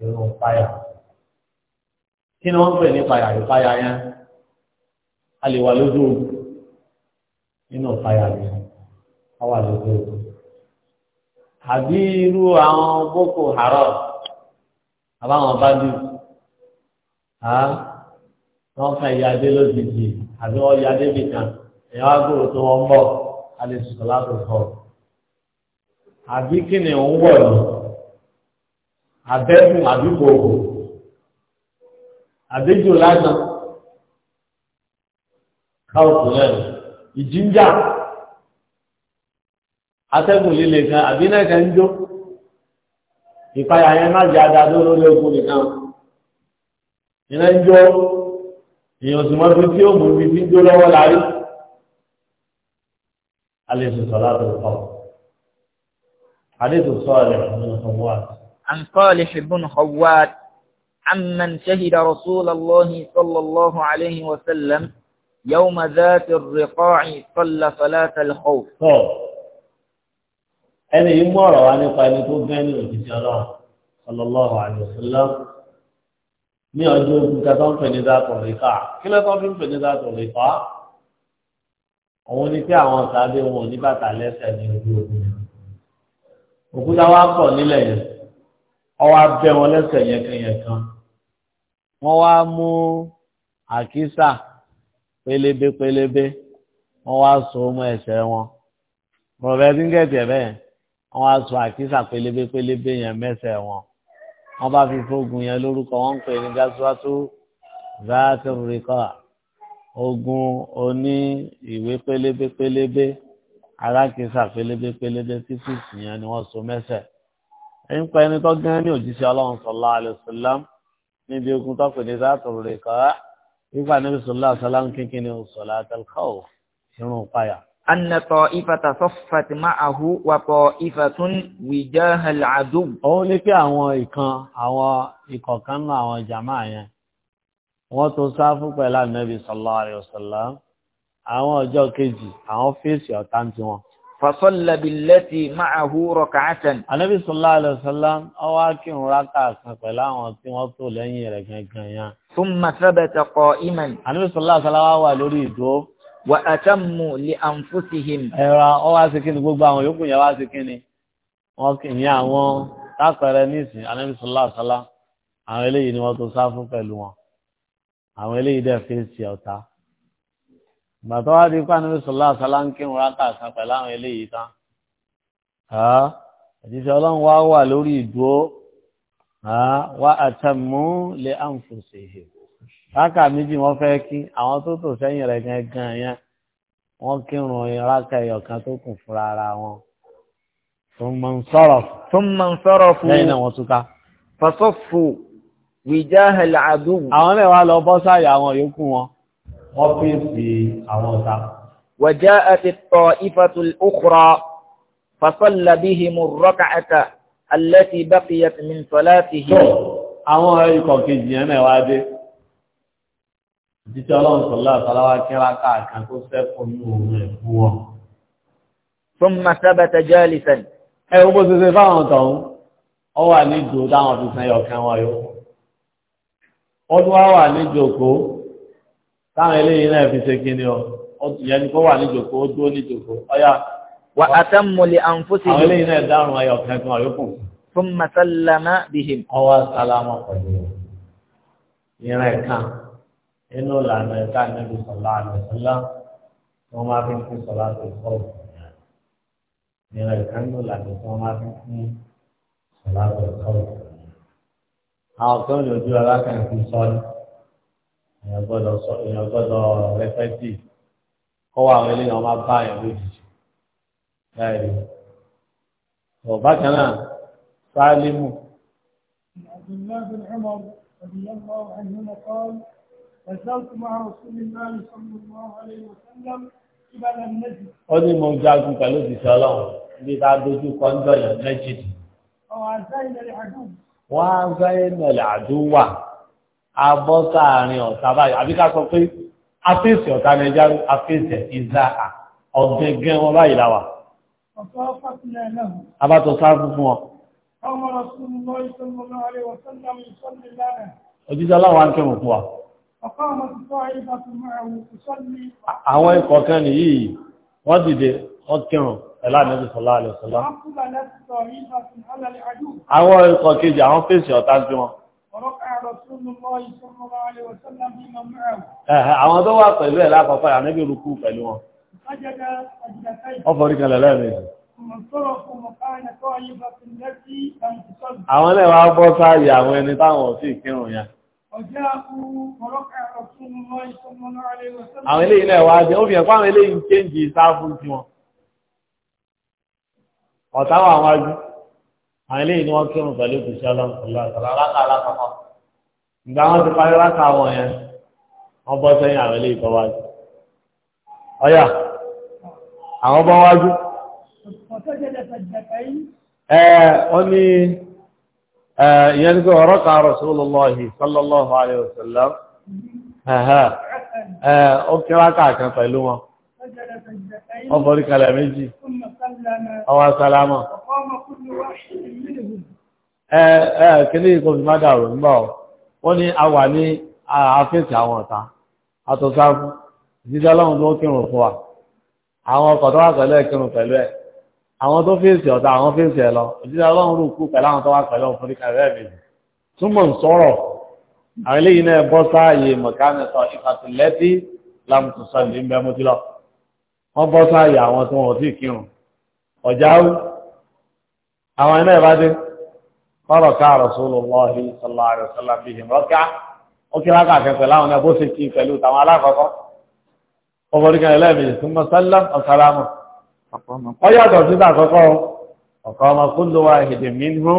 ìrun páyà kí ni wọ́n pè ní páyà ìpáyà yẹn a lè wà lójú ogun nínú páyà yẹn a wà lójú ogun àbí irú àwọn boko haram àbáwọn bá dùn. ha wọ́n ka ìyáde lójijì àbí ọrịa david bìkan ẹ̀yà wá gbòòrò tó wọ́n bọ̀ a lè láti àbí kí ni òun wọ̀ lọ abẹ́kùn àbí gbòòrò àbíjù lásán káwùkù lẹ́nu ìjíjà atẹ́gùn líle kan àbí náà kan ń jó ìpayà yẹn má iná ń jó èèyàn sì mọ́tò tí ó mú ibi tí ń jó lọ́wọ́ láyé alẹ́ sọ̀tọ̀ láti kọ́ حديث صالح بن خوات عن صالح بن خوات عمن شهد رسول الله صلى الله عليه وسلم يوم ذات الرقاع صلى صلاة الخوف أنا يمر وأنا قال تبين الرجال صلى الله عليه وسلم ní ọjọ́ ogun kẹta ń fẹ̀yìn dátọ̀ lẹ́ka kí lẹ́tọ́ fi ń fẹ̀yìn dátọ̀ lẹ́ka òun ni pé àwọn ọ̀sáde wọn ò ní bàtà lẹ́sẹ̀ ní ojú ogun òkúta wa pọ̀ nílẹ̀ yẹn ọwọ́ abẹ́ wọn lẹ́sẹ̀ yẹnkẹyẹnkan wọ́n wá mú àkísà pélébé pélébé wọ́n wá so mọ́ ẹsẹ̀ wọn bọ̀rọ̀ bẹ́ẹ̀ ẹ̀ bẹ́ẹ̀ wọ́n wá so àkísà pélébé pélébé yẹn mẹ́sẹ̀ wọn wọ́n bá fi fógun yẹn lórúkọ wọ́n ń pè ní gasuwatu zaati ogun oní ìwé pélébé pélébé alákìísà pélébé pélébé tí fíìsì yẹn ni wọ́n so mẹ́sẹ̀ ẹ̀yìn pa ẹni tó gán ní òjíṣẹ́ ọlọ́run sallallahu alaihi wasallam níbi ogun tó pè ní zaati rika nípa níbi sallallahu alaihi wasallam kínkín ní salatu al khawf ìrùn páyà anna ta'ifata saffat ma'ahu wa ta'ifatun wijahal adum. Òun ní pé àwọn ìkan àwọn ìkọ̀kan náà àwọn jàmá yẹn. Wọ́n tó sáfù pẹ̀lú ànábì sallallahu alayhi wa sallam. Àwọn ọjọ́ kejì àwọn fèsì ọ̀tá ń tiwọn. Fasalla billati ma'ahu rak'atan. Ànábì sallallahu alayhi wa sallam ó wá kírun rákà kan pẹ̀lú àwọn tí wọ́n tó lẹ́yìn rẹ̀ gangan yẹn. Thumma thabata qa'iman. Ànábì sallallahu alayhi wa sallam wá wà àtàmù lè àǹfóṣìhìm. ẹ̀rọ wọn wá sí kí ni gbogbo àwọn yòókù yẹn wá sí kí ni wọn kì í àwọn lápẹẹrẹ nísìn anábì sọlá sọlá àwọn eléyìí ni wọn tó sá fún pẹ̀lú wọn àwọn eléyìí dẹ̀ fi ń ṣe ọ̀tá gbàtọ́ wá di pa anábì sọlá sọlá ń kírun rákà kan pẹ̀lú àwọn eléyìí tán àjíṣẹ́ ọlọ́run wá wà lórí ìdúró wá àtàmú lè àǹfóṣìhìm rákà méjì wọ́n fẹ́ kí àwọn tó tò sẹ́yìn rẹ̀ gangan yẹn wọ́n kírun rákà ẹyọkan tó kù fúnra ara wọn. ثم انصرفوا ثم انصرفوا لين وتكا فصفوا وجاه العدو àwọn lè wá lọ bọ́ sáyà àwọn yòókù wọn wọ́n fi sí àwọn ta وجاءت الطائفة الأخرى فصلى بهم الركعة التي بقيت من صلاته àwọn ikọ̀ kejì yẹn náà dé Ìjíṣẹ́ ọlọ́run sọ̀lá àtàláwá kíra káàkan tó sẹ́kùn ní òun ẹ̀kú wọn. Fún Màsábẹ́tẹ̀ Jẹ́lìsẹ̀n. Ẹ wo bó ṣe ṣe fáwọn tọ̀hún, ọ wà ní ìjò táwọn fi san ẹyọkan wọn yóò. Wọ́n tún wá wà ní ìjòkó táwọn eléyìí náà fi ṣe kí ọ. Ìyẹn kó wà ní ìjòkó, ó dúró ní ìjòkó. Ọ̀yà. Wà á tẹ́ mú lè àǹfóṣe. Àwọn eléyìí náà dárùn ẹyọkan kan yóò Fún Màsálámà bìhìm. Ọwọ́ sálámà pẹ̀lú nínú ìlànà ẹ̀ka níbi sọ̀lá àlùsọ́lá tí wọ́n máa fi ń pín sọ̀lá tó kọ́ òkùnrin nínú ẹ̀ka nínú ìlànà tí wọ́n máa fi ń pín sọ̀lá tó kọ́ òkùnrin. àwọn kan ní ojú alákàntì sọ́ni èèyàn gbọ́dọ̀ sọ èèyàn gbọ́dọ̀ rẹpẹ́tì kọ́wọ́ àwọn eléyìí máa bá àyàn lójijì láì rí. ọ̀bá náà sáálímù. عبد الله غزوت مع رسول الله صلى الله عليه وسلم قبل النجد ó ní mo jagun pẹ̀lú òṣìṣẹ́ ọlọ́run níbi tá a dojú kọ ń dọ̀yàn méjì. wọ́n á gbáyé nàlẹ́ àdúwà abọ́ sáàrin ọ̀tá báyìí àbí ká sọ pé afẹ́sì ọ̀tá nàìjíríà afẹ́sì ìzá ọ̀gẹ̀gẹ̀ wọn báyìí láwà. abátọ̀ sáàfù fún ọ. ọmọ rasulullah sallallahu alaihi wasallam ìsọ́nìlànà. òjíṣẹ́ ọlọ́run á ń kírun fún wa. Àwọn ikọ̀ kan nìyí, wọ́n dìde, wọ́n kírùn ẹ̀lá nẹ́bí sọ́lá alẹ́ sọ́lá. Àwọn ikọ̀ kejì, àwọn fèsì ọ̀tá sí wọn. Àwọn tó wà pẹ̀lú ẹ̀ lápapọ̀ ànẹ́bí rúkú pẹ̀lú wọn. Wọ́n forí kan lẹ́lẹ́ méjì. Àwọn lẹ́wàá bọ́ sáàyè àwọn ẹni táwọn ò sí ìkírùn yẹn. Àwọn eléyìí náà wá jẹ́, ó ẹ̀kọ́ àwọn eléyìí ń kéǹjì sáfù sí wọn. Ọ̀táwà àwọn ajú, àwọn eléyìí ni wọ́n kírun pẹ̀lú ìpìṣẹ́ ọlọ́run ìgbà àwọn yẹn wọ́n bọ́ sẹ́yìn ìyẹn ní pé ọ̀rọ̀ kan Rasulullahi sallallahu alaihi wasallam ó kíra káàkan pẹ̀lú wọn ó borí kalẹ̀ méjì ó wá sálámà kíní kò fi má dàrú nígbà ọ̀ wọ́n ní a wà ní àwọn tó fèsì ọ̀tá àwọn fèsì ẹ̀ lọ òjíṣẹ́ ọlọ́run rò kú pẹ̀lú àwọn tó wá pẹ̀lú ọ̀fun níka rẹ̀ mi túmọ̀ ń sọ̀rọ̀ àwọn eléyìí náà bọ́ sáàyè mọ̀kánìsọ ìfàtìlẹ́tì lámùtòsọ ìlú ń bẹ mú ti lọ wọ́n bọ́ sáàyè àwọn tó wọ́n sì kírun ọ̀jáwó àwọn iná ìbádé kọ́rọ̀ ká Rasulullahi sallallahu alaihi wasallam bihim rọ́kà ó ọyọ́dọ̀ sí àkọ́kọ́ ọ̀kọ́ ọmọ kúlò wa èdè mínú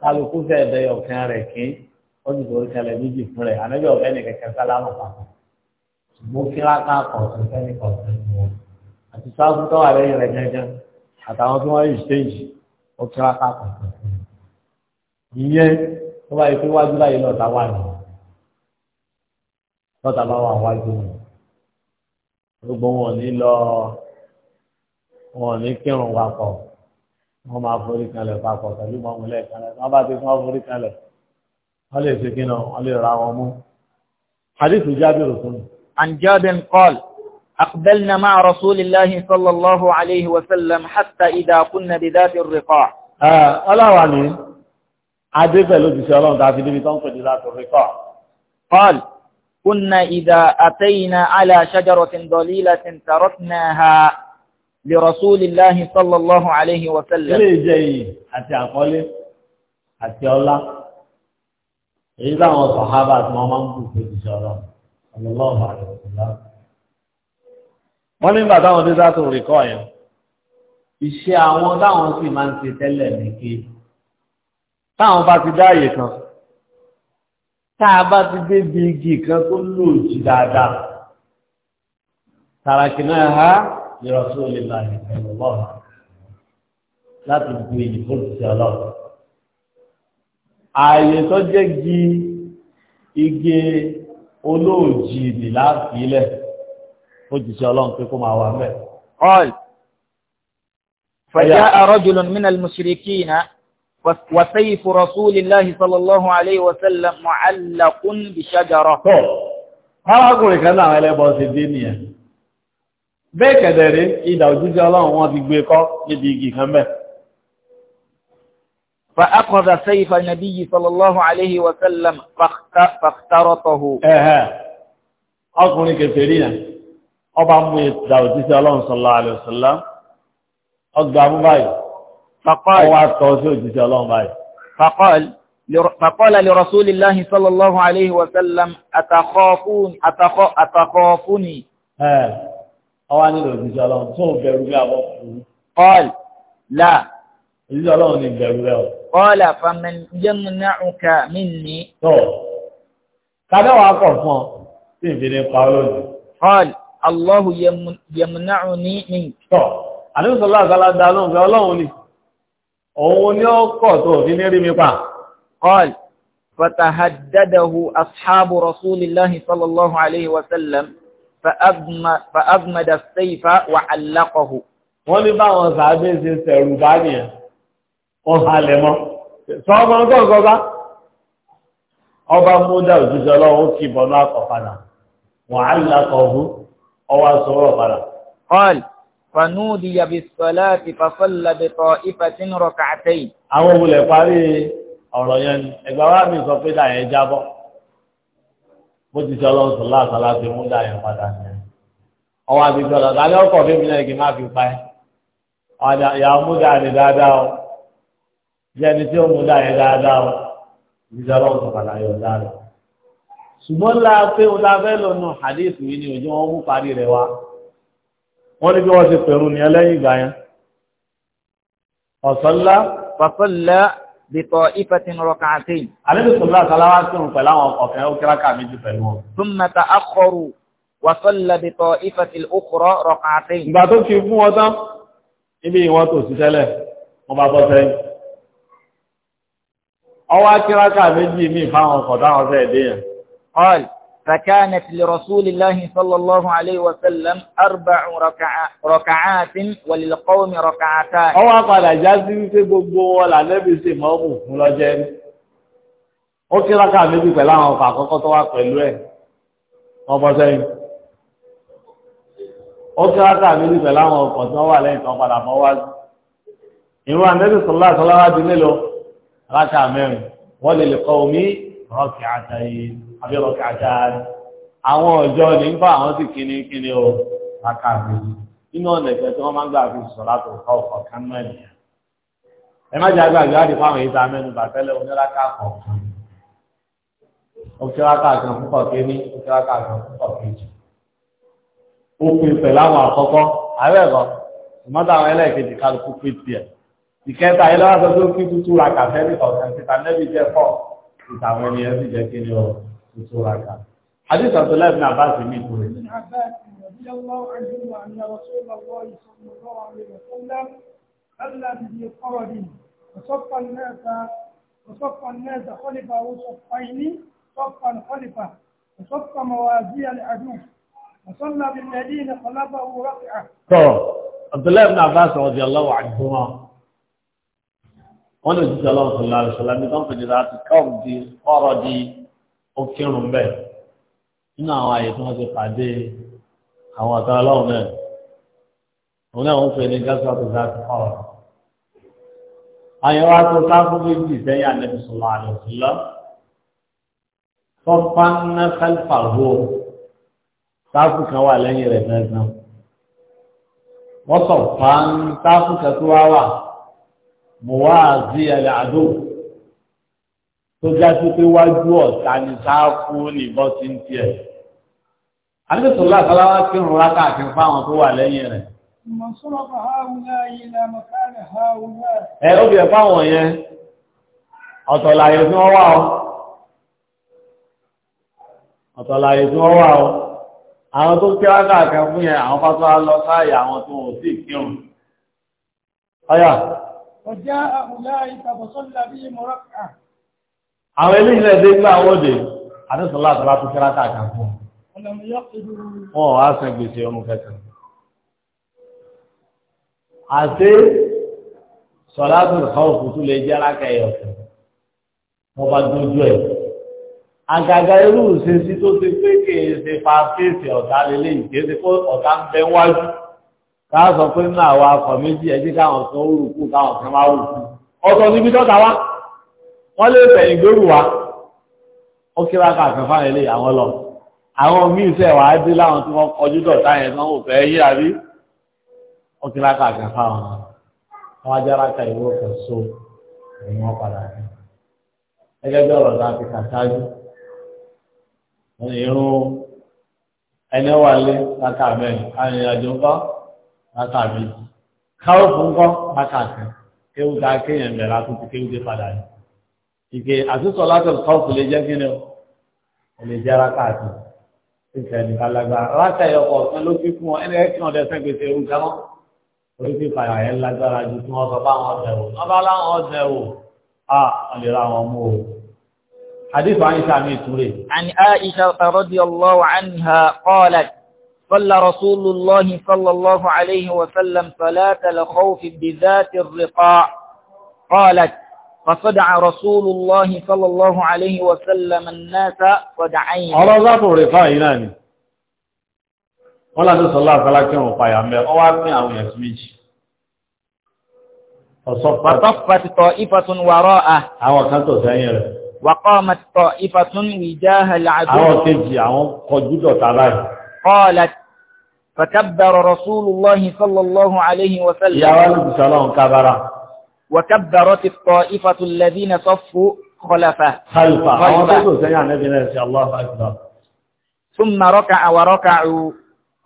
kálukú fẹ́ ẹ̀dẹ́ ọ̀kan rẹ̀ kí ó ti dòwó kẹlẹ̀ méjì fún rẹ̀ ànábì ọ̀fẹ́ ní kẹkẹ sálámù pàtó ṣùgbọ́n kí láká kọ̀ọ̀tún fẹ́ni kọ̀ọ̀tún ní àti sáfù tó wà lẹ́yìn rẹ̀ gángan àtàwọn tí wọ́n yìí stéèjì ó kí láká kọ̀ọ̀tún ìyẹn tó bá yẹ pé wájú báyìí lọ́ta wà ní gbogbo wọn ní lọ wọn ní kírun papọ̀ wọn máa forí kanlẹ̀ papọ̀ tàbí mọ̀múlẹ̀ kanlẹ̀ wọn bá ti fún wọn forí kanlẹ̀ wọn lè ṣe kí náà wọn lè ra wọn mú. حديث جابر بن عن جابر قال أقبلنا مع رسول الله صلى الله عليه وسلم حتى إذا كنا بذات الرقاع ألا وعني عدد لو تسألون تعفيد بطنك بذات الرقاع قال كنا إذا أتينا على شجرة ضليلة تركناها لرسول الله صلى الله عليه وسلم إلي جاي أتي أقولي أتي الله إذا ما ما منكو في الشارع صلى الله عليه وسلم wọ́n nígbà táwọn tí sátò rí kọ́ yẹn iṣẹ́ àwọn táwọn sì máa tá a bá ti débi igi kan tó lòdì dáadáa tàràkì náà ha ìrọ̀sùn olè láàyè ẹ̀rọ lọ́wọ́ láti bu èyí fún ti ọlọ́run ààyè tó jẹ́ gi igi olóòjì nì láàfilẹ̀ ó ti ṣe ọlọ́run pé kó máa wà mẹ́. ọ̀l fàjá àrọ́jùlọ̀ mínà mùsùlùmí náà. وسيف رسول الله صلى الله عليه وسلم معلق بشجرة arákùnrin kan náà ẹlẹ́bọ̀ ṣe dé nìyẹn bẹ́ẹ̀ kẹ̀dẹ̀rẹ́ ìdà òjújẹ́ ọlọ́run wọn ti gbé e kọ́ níbi igi kan bẹ́ẹ̀ فأخذ سيف النبي صلى الله عليه وسلم فاخترطه ọkùnrin kẹfẹ̀rí náà ọba mú ìdà òjújẹ́ ọlọ́run صلى الله عليه وسلم ọgbà mú báyìí فقال فقال فقال لرسول الله صلى الله عليه وسلم أتخافون أتخ... أتخافني قال لا قال فمن يمنعك مني قال الله يمنعني منك òun ni ó kọ̀ tó fi ní rí mi pa. qal fatahadadahu ashabu rasulillahi sallallahu alayhi wa sallam fa abmada seifa wa allaqahu. wọ́n ní báwọn sàábé ṣe sẹ̀rù bá nìyẹn wọ́n halẹ̀ mọ́ sọ́ọ́mọ́ gọ́gọ́ bá ọba múdà òjijì ọlọ́run kì bọ́nú àkọ́padà wàhálà kọ̀ọ̀hún ọwọ́ sọ̀rọ̀ padà. qal فنودي بالصلاة فصلى بطائفة ركعتين àwọn wulẹ̀ parí ọ̀rọ̀ yẹn ni ẹgbẹ́ wa mi sọ pé dàyẹn jábọ́ bó ti sọ lọ́wọ́ sọ láàṣà láti mú dàyẹn padà yẹn ọwọ́ àti gbọ́dọ̀ tàbí ọkọ̀ fífi náà kì í má fi pa ẹ́ ọ̀dà ìyá mú dàyẹn dáadáa o jẹ́ ẹni tí ó mú dàyẹn dáadáa o ti sọ lọ́wọ́ sọ padà yọ dáadáa ṣùgbọ́n láàpẹ́ òun láfẹ́ lónà hadith yìí ni òjò wọn mú parí rẹ̀ wá wọ́n ní bí wọ́n ṣe pẹ̀rù ní ẹlẹ́yìn ìgbà yẹn ọ̀sọ́lá fàfọ́lá bìtọ̀ ìfẹ̀tìn rọ̀kà àti. àlejò sọ̀lá àtàláwá sí òun pẹ̀lú àwọn ọ̀fẹ́ òkèràkà méjì pẹ̀lú wọn. túmọ̀tà fáwọn ọkọ̀ táwọn fẹ́ẹ̀ dé yẹn. فكانت لرسول الله صلى الله عليه وسلم أربع ركعات وللقوم ركعتان ọwọ́ apàdà já sí wípé gbogbo ọlà lẹ́bí sí mọ́mù fún lọ́jẹ́ ní ó kí rákà méjì pẹ̀lú àwọn ọkọ̀ àkọ́kọ́ tó wà pẹ̀lú ẹ̀ ọmọ sẹ́yìn ó kí rákà méjì pẹ̀lú àwọn ọkọ̀ tó wà lẹ́yìn tó padà mọ́ wájú ìrún àmẹ́bí sọ̀lá sọ́lá wájú nílò rákà mẹ́rin wọ́n lè lè kọ́ omi rọ́ọ̀kì àtàyè àbí rọ́ọ̀kì àtàyè àwọn ọjọ́ ní ń bá àwọn sì kíní kíní o láka mi nínú ọ̀nà ìfẹ́ tí wọ́n máa ń gbà fi sọ látò kọ́ ọ̀kọ̀ kan náà nìyẹn ẹ má jẹ́ àgbàgbé láti fáwọn ìta mẹ́nu bàtẹ́lẹ̀ oníláka kọ̀ọ̀kan òkèláka kan púpọ̀ kéní òkèláka kan púpọ̀ kéjì ó pè pẹ̀lú àwọn àkọ́kọ́ àárẹ̀ lọ ìmọ́tà àwọn ẹlẹ́ẹ̀kejì kálukú pé tiẹ̀ ìkẹta ilé wa sọ pé ó kí tútù ra kàfẹ́ ìtàwọn ẹni ẹ sì jẹ́ kí ni ọ tó ra ká. Hadith Abdullahi ibn Abbas ní ìkó rẹ̀. وصف الناس خلفه صفين صفا خلفه وصف موازي العدو وصلى بالذين خلفه رقعه. Abdullahi ibn Abbas radiyallahu anhuma wọ́n lè jíjọ lọ́wọ́ sọ̀rọ̀ àlùsọ̀lá ní tọ́ǹpì ní láti kọ́ọ̀m di ọ̀rọ̀ di òkèrùn bẹ́ẹ̀ nínú àwọn àyè tí wọ́n ti pàdé àwọn ọ̀tá ọlọ́run náà òun náà ń pè ní gásọ́ tó dá sí ọ̀rọ̀. àyẹ̀wò aṣọ sáfù méjì sẹ́yìn àlẹ́bí sọ̀rọ̀ àlùsọ̀lá tọ́pá ńná kálífà hó sáfù kan wà lẹ́yìn rẹ̀ fẹ́ẹ́ náà wọ́n sọ̀ fà sáfù kan wá wà mùwáàzí ẹ̀lẹ́ àdó tó jáde pé wájú ọ̀tá ni sáàkú nìbọn ti ń tiẹ̀. Àdébísọ̀lá àtàláwá kí ń rọra káàkiri fáwọn tó wà lẹ́yìn rẹ̀. Ẹ ó bẹ̀rẹ̀ fáwọn yẹn, ọ̀tọ̀ láyé tí wọ́n wà ọ́. Ọ̀tọ̀ láyé tí wọ́n wà ọ́. Àwọn tó kí wá káàkiri fún yẹn, àwọn fátó lọ sáàyè àwọn tó wọ́n sì kírun. Ọ̀yà. وجاء أولئك فصلى بهم ركعة àwọn eléyìí lè dé gbà wọ́n dé àdéṣọ́lá àtàlá tó kẹ́rà káàkà fún wọn wọ́n á san gbèsè ọmọ kẹta àti sọ̀lá tó kọ́ òkútù lè jẹ́ alákẹ́yọ̀ wọ́n bá dojú ẹ̀ àgàgà irú ìṣesí tó ti pé kèé ṣe fa fèsì ọ̀tá lélẹ́yìn kèé ṣe kó ọ̀tá ń bẹ wájú ká sọ pé nínú àwọn afọ méjì ẹjí káwọn kan ó rùkú káwọn kan máa rùkú ọ̀tọ̀ níbi tọ́ta wá wọ́n lè fẹ̀yìn gbèrú wa ó kí wákà kan fáwọn ilé àwọn lọ àwọn míì sẹ̀ wá dé láwọn tí wọ́n kọjú dọ̀tá yẹn tán ò fẹ́ yí àbí ó kí wákà kan fáwọn wọn ajára ka ìwé ọkọ̀ so èyí wọ́n padà ní gẹ́gẹ́ bí ọ̀rọ̀ láti kà sáájú irun ẹni wà lé lákàmẹ́rin arìnrìnàjò ń bá látà méjì káwọ́pù ńkọ́ látà kan kéwù ká kéèyàn bẹ̀rẹ̀ àtúntò kéwù dé padà ní. ìgbé àtúntò látọ̀ káwọ́pù lè jẹ́ kí ni o lè jẹ́ látà àti ìfẹ́ ní alágbára látà ẹ̀yọkọ̀ ọ̀sán ló fi fún ọ ẹni ẹ̀kí wọn dẹ́sẹ̀ gbèsè ewu gámọ́ orí fífa yẹn lágbára ju kí wọ́n sọ fáwọn ọ̀sẹ̀ wò wọ́n bá láwọn ọ̀sẹ̀ wò á lè ra wọn mú o. حديث عائشة عن سوري عن عائشة رضي الله عنها قالت صلى رسول الله صلى الله عليه وسلم صلاة الخوف بذات الرقاع قالت فصدع رسول الله صلى الله عليه وسلم الناس صدعين ọ̀rọ̀ zátò rẹ̀fà ìrìnà ni wọ́n láti sọ́lá àtàlá kí wọ́n pàyà فصفت طائفة وراءه àwọn kan tó وقامت طائفة وجاه العدو àwọn kejì àwọn kọjú dọ̀tà قالت فكبر رسول الله صلى الله عليه وسلم يا ولد سلام كبر وكبرت الطائفة الذين صفوا خلفه خلفه خلفه الله أكبر ثم ركع وركعوا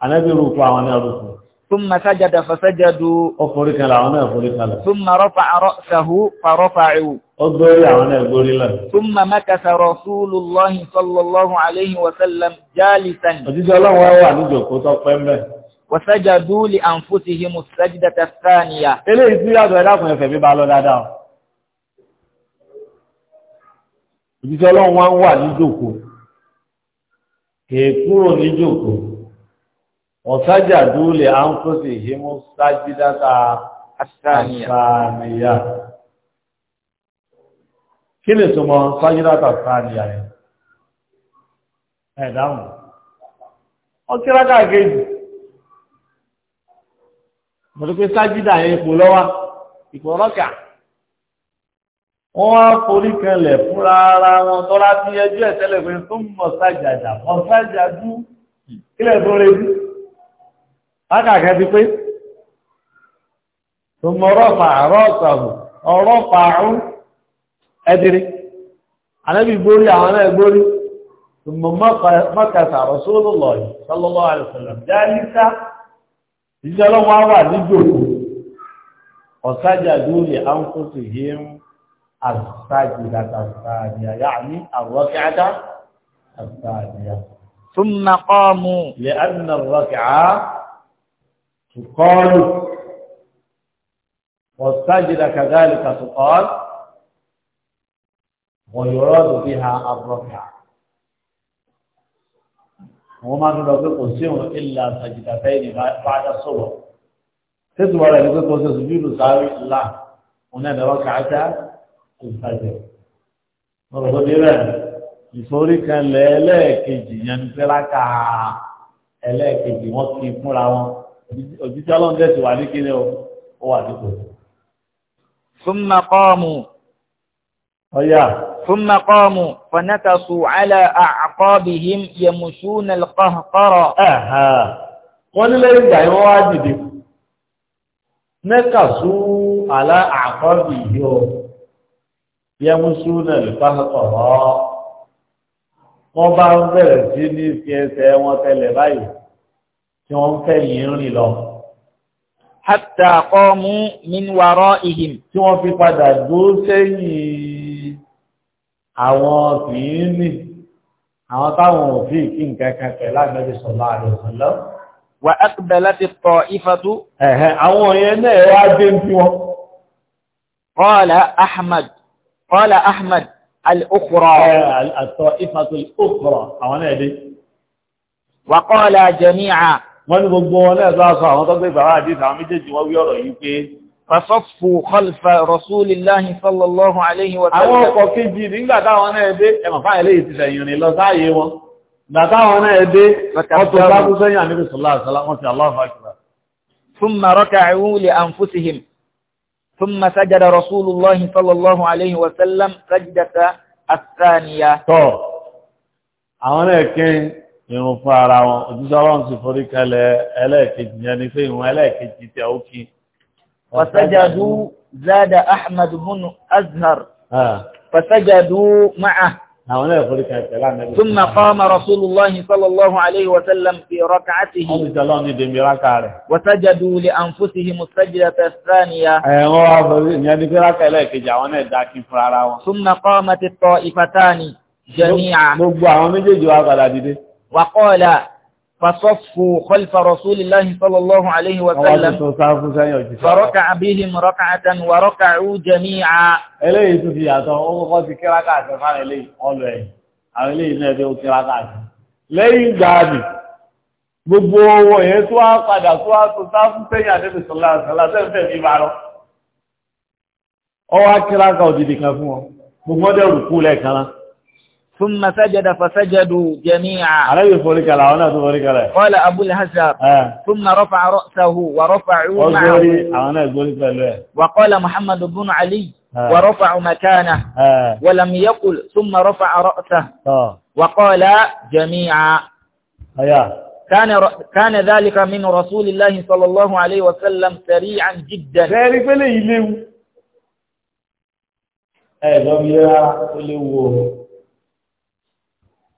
أنا بركوع وأنا ركوع ثم سجد فسجدوا أفرك العنا أفرك الله ثم رفع رأسه فرفعوا أدري عنا أدري الله ثم مكث رسول الله صلى الله عليه وسلم جالسا أجد الله وهو عنده كتاب قيمة وسجدوا لأنفسهم السجدة الثانية إليه إسمي أدري لكم يفهمي بعلو لدعو Òjíṣẹ́ Ọlọ́run wá ń wà ní jòkó, kèé wọ́n sájà dúlé à ń kó sí ìhímú sájí dáta àṣàníyà kí lè túnmọ̀ sájí dáta àṣàníyà rẹ̀ ẹ̀dáhùn wọ́n kíra káàkiri mo ti pé sájí dà yẹn ipò lọ́wọ́ ipò ọlọ́kà wọ́n á forí kanlẹ̀ fúnra ara wọn tọ́lá bí ẹjọ́ ẹ̀tẹ́lẹ̀ pé tó mọ̀ sájà dà wọ́n dú kílẹ̀ tó retí lákàkẹ́ ti pé tó mọ rọ́fà rọ́ọ̀tàbù ọ̀rọ̀fà ọ̀hún ẹ̀dìrí anábì borí àwọn náà borí tó mọ mọ́kàtà Rasulullah sallallahu alaihi wasallam jálísà ìjọ lọ́wọ́ wà níjòkó ọ̀sájà lórí àǹkóso yìí ń الساجدة الثانية يعني الركعة الثانية ثم قاموا لأن الركعة tùkọ́ọ̀lù ọ̀sájìdá kàdáàlìkà tùkọ́ọ̀lù ọ̀yọ̀rọ̀dù bí ha abúrọ̀kà. Wọ́n máa ń lọ pé kò sí òun ìlà sàjìdá fẹ́yìn báyá sọ̀rọ̀. Títù wọ́n rẹ̀ ní pé kò sí sùjúdù sáré ńlá òun ẹ̀dọ̀rọ̀ kàáta ìfàjẹ̀. Ọ̀rọ̀ tó dé bẹ́ẹ̀ ìforí kan lẹ́ẹ̀lẹ́ẹ̀kejì yẹn ń pẹ́ lákàá ẹlẹ́ẹ̀kejì wọ́n ti fúnra wọn òjijì ọlọ́run dẹ̀ ti wà ní kíni o ó wà nípò. súnmọ́ kọ́ọ̀mù. ọ̀yà. súnmọ́ kọ́ọ̀mù fọ̀nẹ́kàṣù alẹ́ àkọ́bìhìm yẹmùsù nàlùkọ́rọ̀. wọ́n ní lẹ́yìn ìgbà yẹn wọ́n wá dìde. nẹ́kàṣù alẹ́ àkọ́bìhìm yẹmùsù nàlùkọ́rọ̀. wọ́n bá ń bẹ̀rẹ̀ sí ní fi ẹsẹ̀ wọn tẹ̀lẹ̀ báyìí tí wọ́n ń fẹ́ yìí ń rìn lọ. hatta qamu min wara'ihim. tí wọ́n fi padà dúró sẹ́yìn àwọn fìínì àwọn táwọn òfin kí nǹkan kan pẹ̀lú àgbẹ̀bí sọ̀lá àdùnsọ̀lá. wà á aqbalat at-ta'ifatu. àwọn yẹn náà wá dé ń bí wọn. qala Ahmad qala Ahmad al-ukhra. at-ta'ifatu al-ukhra àwọn náà dé. wa qala jami'a wọ́n ní gbogbo wọn náà bá sọ àwọn tó gbé bàbá àdìs àwọn méjèèjì wọ́n wí ọ̀rọ̀ yìí pé fasọ́fù kọlfà rasulillahi sallallahu alayhi wa sallam. àwọn ọkọ̀ kejì nígbà táwọn náà dé ẹ̀mọ̀ fáyẹ̀ lẹ́yìn ti sẹ̀yìn rìn lọ sáàyè wọn gbà táwọn náà dé ọtọ̀ lábú sẹ́yìn àníbi sọ̀lá àṣàlá wọn ti aláwọ̀ fàkìlá. thumma raka'u irun fún ara wọn òjíṣẹ́ ọlọ́run sì forí kalẹ̀ ẹlẹ́ẹ̀kejì yẹn ni pé ìrun ẹlẹ́ẹ̀kejì tẹ ó kí. fasajadu zada ahmed bin azhar fasajadu ma'a. àwọn náà forí kalẹ̀ tẹ̀lé àná. thumma qama rasulullahi sallallahu alayhi wa sallam fi rak'atihi. wọ́n ti sọ lọ́wọ́ ní dèmí rákà rẹ̀. wasajadu li anfusihim as-sajdata ath-thaniya. gbogbo àwọn méjèèjì wa padà dìde. وقال فصفوا خلف رسول الله صلى الله عليه وسلم فركع بهم ركعة وركعوا جميعا إليه تفي عطان أغلقوا تكي ركعة فعل إليه قالوا إيه àwọn eléyìí náà ẹgbẹ́ òkè wákàtí lẹ́yìn ìgbà àmì gbogbo owó èyí tó wá padà tó wá tó sáfù sẹ́yìn àdébì sọ̀lá sọ̀lá sẹ́fẹ̀ mi máa lọ. ọwọ́ akíláka òdìdì kan fún wọn gbogbo ọdẹ òrùkú lẹ́ẹ̀kan lá ثم سجد فسجدوا جميعا عليه فوريك على هنا فوريك على قال ابو الهزاب ثم رفع رأسه ورفعوا معه وقال محمد بن علي ورفع مكانه ولم يقل ثم رفع رأسه وقال جميعا كان ر... كان ذلك من رسول الله صلى الله عليه وسلم سريعا جدا ذلك ليه ليه ايه لو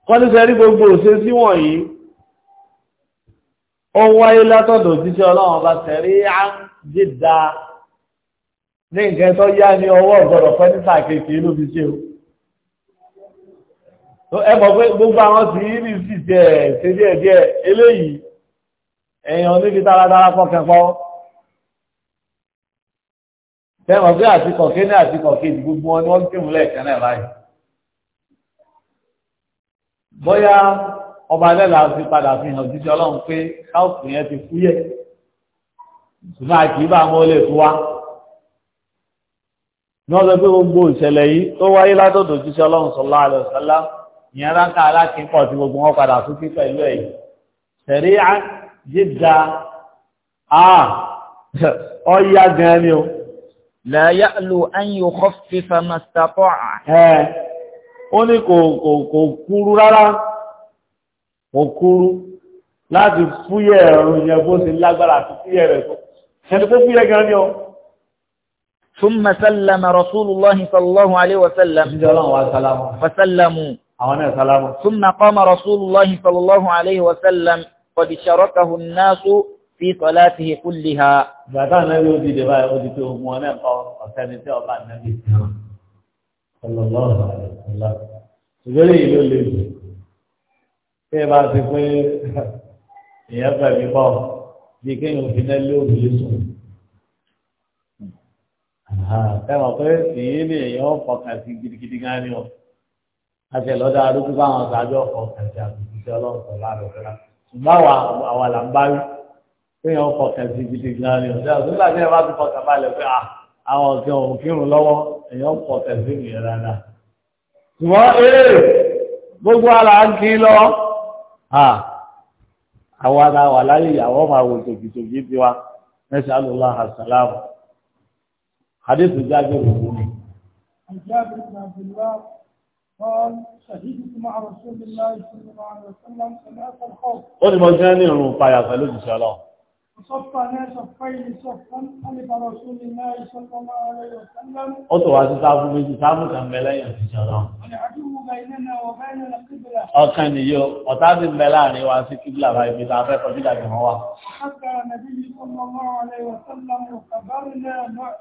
kọ́lùsẹ̀ rí gbogbo òṣè sí wọ̀nyí ó wáyé látọ̀dọ̀ títí ọlọ́run bá tẹ̀rí á jìdá ní nǹkan tó yá ní ọwọ́ ọ̀gọ́dọ̀ pẹ́ níta kéèké ló fi ṣe o ẹ mọ̀ pé gbogbo àwọn tí yìí ní sì tẹ̀ ṣe díẹ̀ díẹ̀ eléyìí èèyàn níbi dáradára pọ̀kẹ́pọ̀ tẹ́wọ̀n pé àti kọ̀kẹ́ ní àti kọ̀kẹ́ gbogbo wọn ni wọ́n gbé mú lẹ́ẹ̀kan náà bóyá ọba lẹ́la fi padà fi hàn jíjẹ́ ọlọ́run pé káùsì yẹn ti fúyẹ́ ṣùgbọ́n àti ìbá wọn lè fún wa ní wọ́n sọ pé gbogbo ìṣẹ̀lẹ̀ yìí tó wáyé látọ̀dọ̀ jíjẹ́ ọlọ́run sallallahu alaihi wasallam ìyẹn ráńkà alákìńkọ̀ tí gbogbo wọn padà fún kí pẹ̀lú ẹ̀yìn tẹ̀rí jíjà a ọ̀yá gan ni o. la ya'lu an yukhaffifa mastata'ah ó ní kò kò kò kúrú rárá kò kúrú láti fúyẹ́ ẹ̀rọ yẹn bó ṣe lágbára àti fúyẹ́ rẹ̀ tó ṣẹlẹ tó fúyẹ́ gan ni ọ. ثم سلم رسول الله صلى الله عليه وسلم فسلموا ثم قام رسول الله صلى الله عليه وسلم قد شركه الناس fi salatihi kulliha. Bàbá náà yóò dìde báyìí ó di pé ogun náà lè fi ọlọ́lọ́rọ̀ àlẹ́sọ́lá ìbéèrè yìí ló lè jù kí ẹ bá ti pé èèyàn pẹ̀lú bọ́ bí kéèyàn fi náà lé òbílẹ̀ sùn tẹ́wọ̀n pé èyí ni èèyàn fọkàn sí gidigidi gan ni ọ àti ẹ̀lọ́dà arúgbó báwọn ṣáájọ́ fọkàn sí àtúntò ọlọ́run sọ láàrọ̀ rẹ̀ ṣùgbọ́n àwa là ń bá rí kéèyàn fọkàn sí gidigidi gan ni ọ tẹ́wọ̀n nígbà tí ẹ bá ti fọkàn balẹ̀ pé àwọn ọ̀sẹ̀ òun èèyàn pọ̀ tẹ̀sí nìyẹn dáadáa. ṣùgbọ́n ee gbogbo ara ń kí lọ àwọn ara wà láyé ìyàwó máa wò tòkìtòkì bí wa mẹ́sàn án lọ́la àṣàlámù àdéhùn jáde òkú ni. جابر بن عبد الله قال شهدت مع رسول الله صلى الله عليه وسلم سمعت الخوف. قل ما جاني الرقاية فلو إن ó tó wá sí sáfù méjì sáfù kan bẹ lẹ́yìn òṣìṣẹ́ ọ̀rọ̀ ọkàn nìyó ọ̀tá ti bẹ láàrin wa sí kíbla bá ibi tá a fẹ́ kọjú dàgbà wọn wà.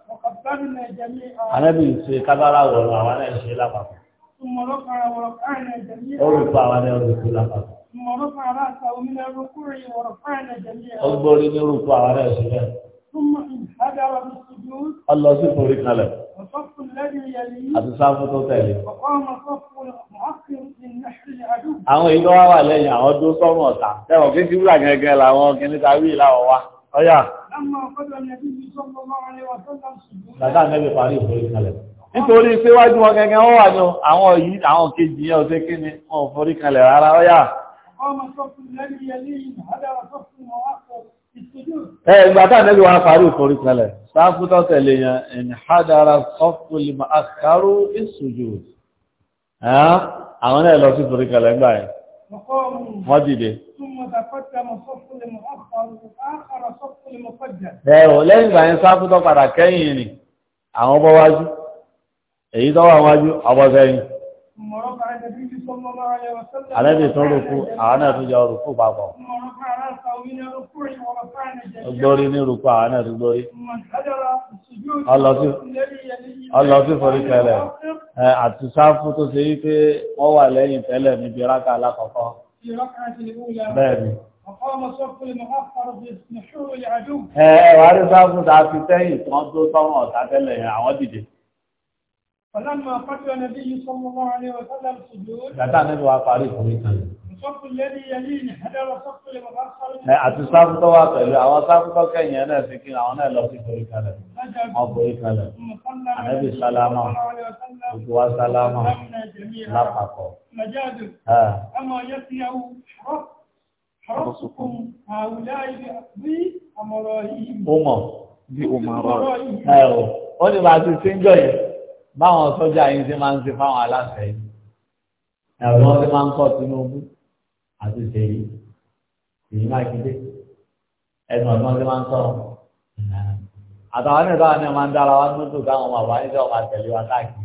anábì ṣe kábàrà wọ̀rọ̀ àwọn náà ṣe lápapọ̀. ó rò pa àwọn náà ó rò sí lápapọ̀. Ọgbọ́rí ní orúkọ àwọn ẹ̀ṣì rẹ̀. Ọlọ sí forí kalẹ̀. Àti sáfù tó tẹ̀lé. Àwọn èyí wá wà lẹ́yìn àwọn tó sọ́run ọ̀tá. Tẹ́wọ̀n kí ti wúrà gẹ́gẹ́ làwọn kìíní wí láwọ̀ wá. Ọyá. Bàbá mẹ́bí parí ìforí kalẹ̀. Nítorí síwájú wọn gẹ́gẹ́ wọ́n wà ní àwọn yìí àwọn kejì yẹn ọ̀sẹ̀ قام صف الذي يليه هدر صف واخر Ẹgbà tá nẹ́bí wọn parí ìforí kalẹ̀, sáfútọ́ tẹ̀lé yẹn, ẹni hádàrà sọ́fúlì àkàrò ìsùjú. Àwọn náà lọ sí ìforí kalẹ̀ ńgbà ẹ̀. Wọ́n dìde. Ẹ̀wọ̀ lẹ́yìn ìgbà yẹn sáfútọ́ Àrẹ́bì tó rùkú, àwọn náà tún jọ rùkú papọ̀. Gbórí ní rùkú, àwọn náà tún gbórí. Ọlọ sí forí tẹ́lẹ̀. Àti sáfú tó ṣe wípé wọ́n wà lẹ́yìn tẹ́lẹ̀ níbi rákà alákọ̀ọ́kọ́. Bẹ́ẹ̀ni. Ẹ wà rí sáfú tá a fi tẹ́yìn tán tó sọ́wọ́n ọ̀tá tẹ́lẹ̀ yẹn, àwọn dìde. فلما فتح النبي صلى الله عليه وسلم السجود لا تعالى نبي وعفاري فريقا الصف الذي يليه هذا الصف المبصر àti sáfù tó wà pẹ̀lú àwọn sáfù tó kẹ̀yìn náà sí kí àwọn náà lọ sí torí kalẹ̀ wọn borí kalẹ̀ ànábì sálámà gbogbo wa sálámà lápapọ̀. àmọ̀ yẹ ti yàwó حرصكم هؤلاء بأمرائهم. أمر بأمرائهم. أيوه báwọn sọ́jà yìí ti máa ń ṣe fáwọn aláṣẹ yìí ẹ̀rọ wọn máa ń kọ́ Tinubu àti Ṣèyí Ṣèyí Mákindé ẹnu ọ̀dún ti máa ń sọ̀rọ̀ àtàwọn ní ìtàn ni máa ń dára wá nínú káwọn bàbá ní sọ̀rọ̀ máa tẹ̀lé wa káàkiri.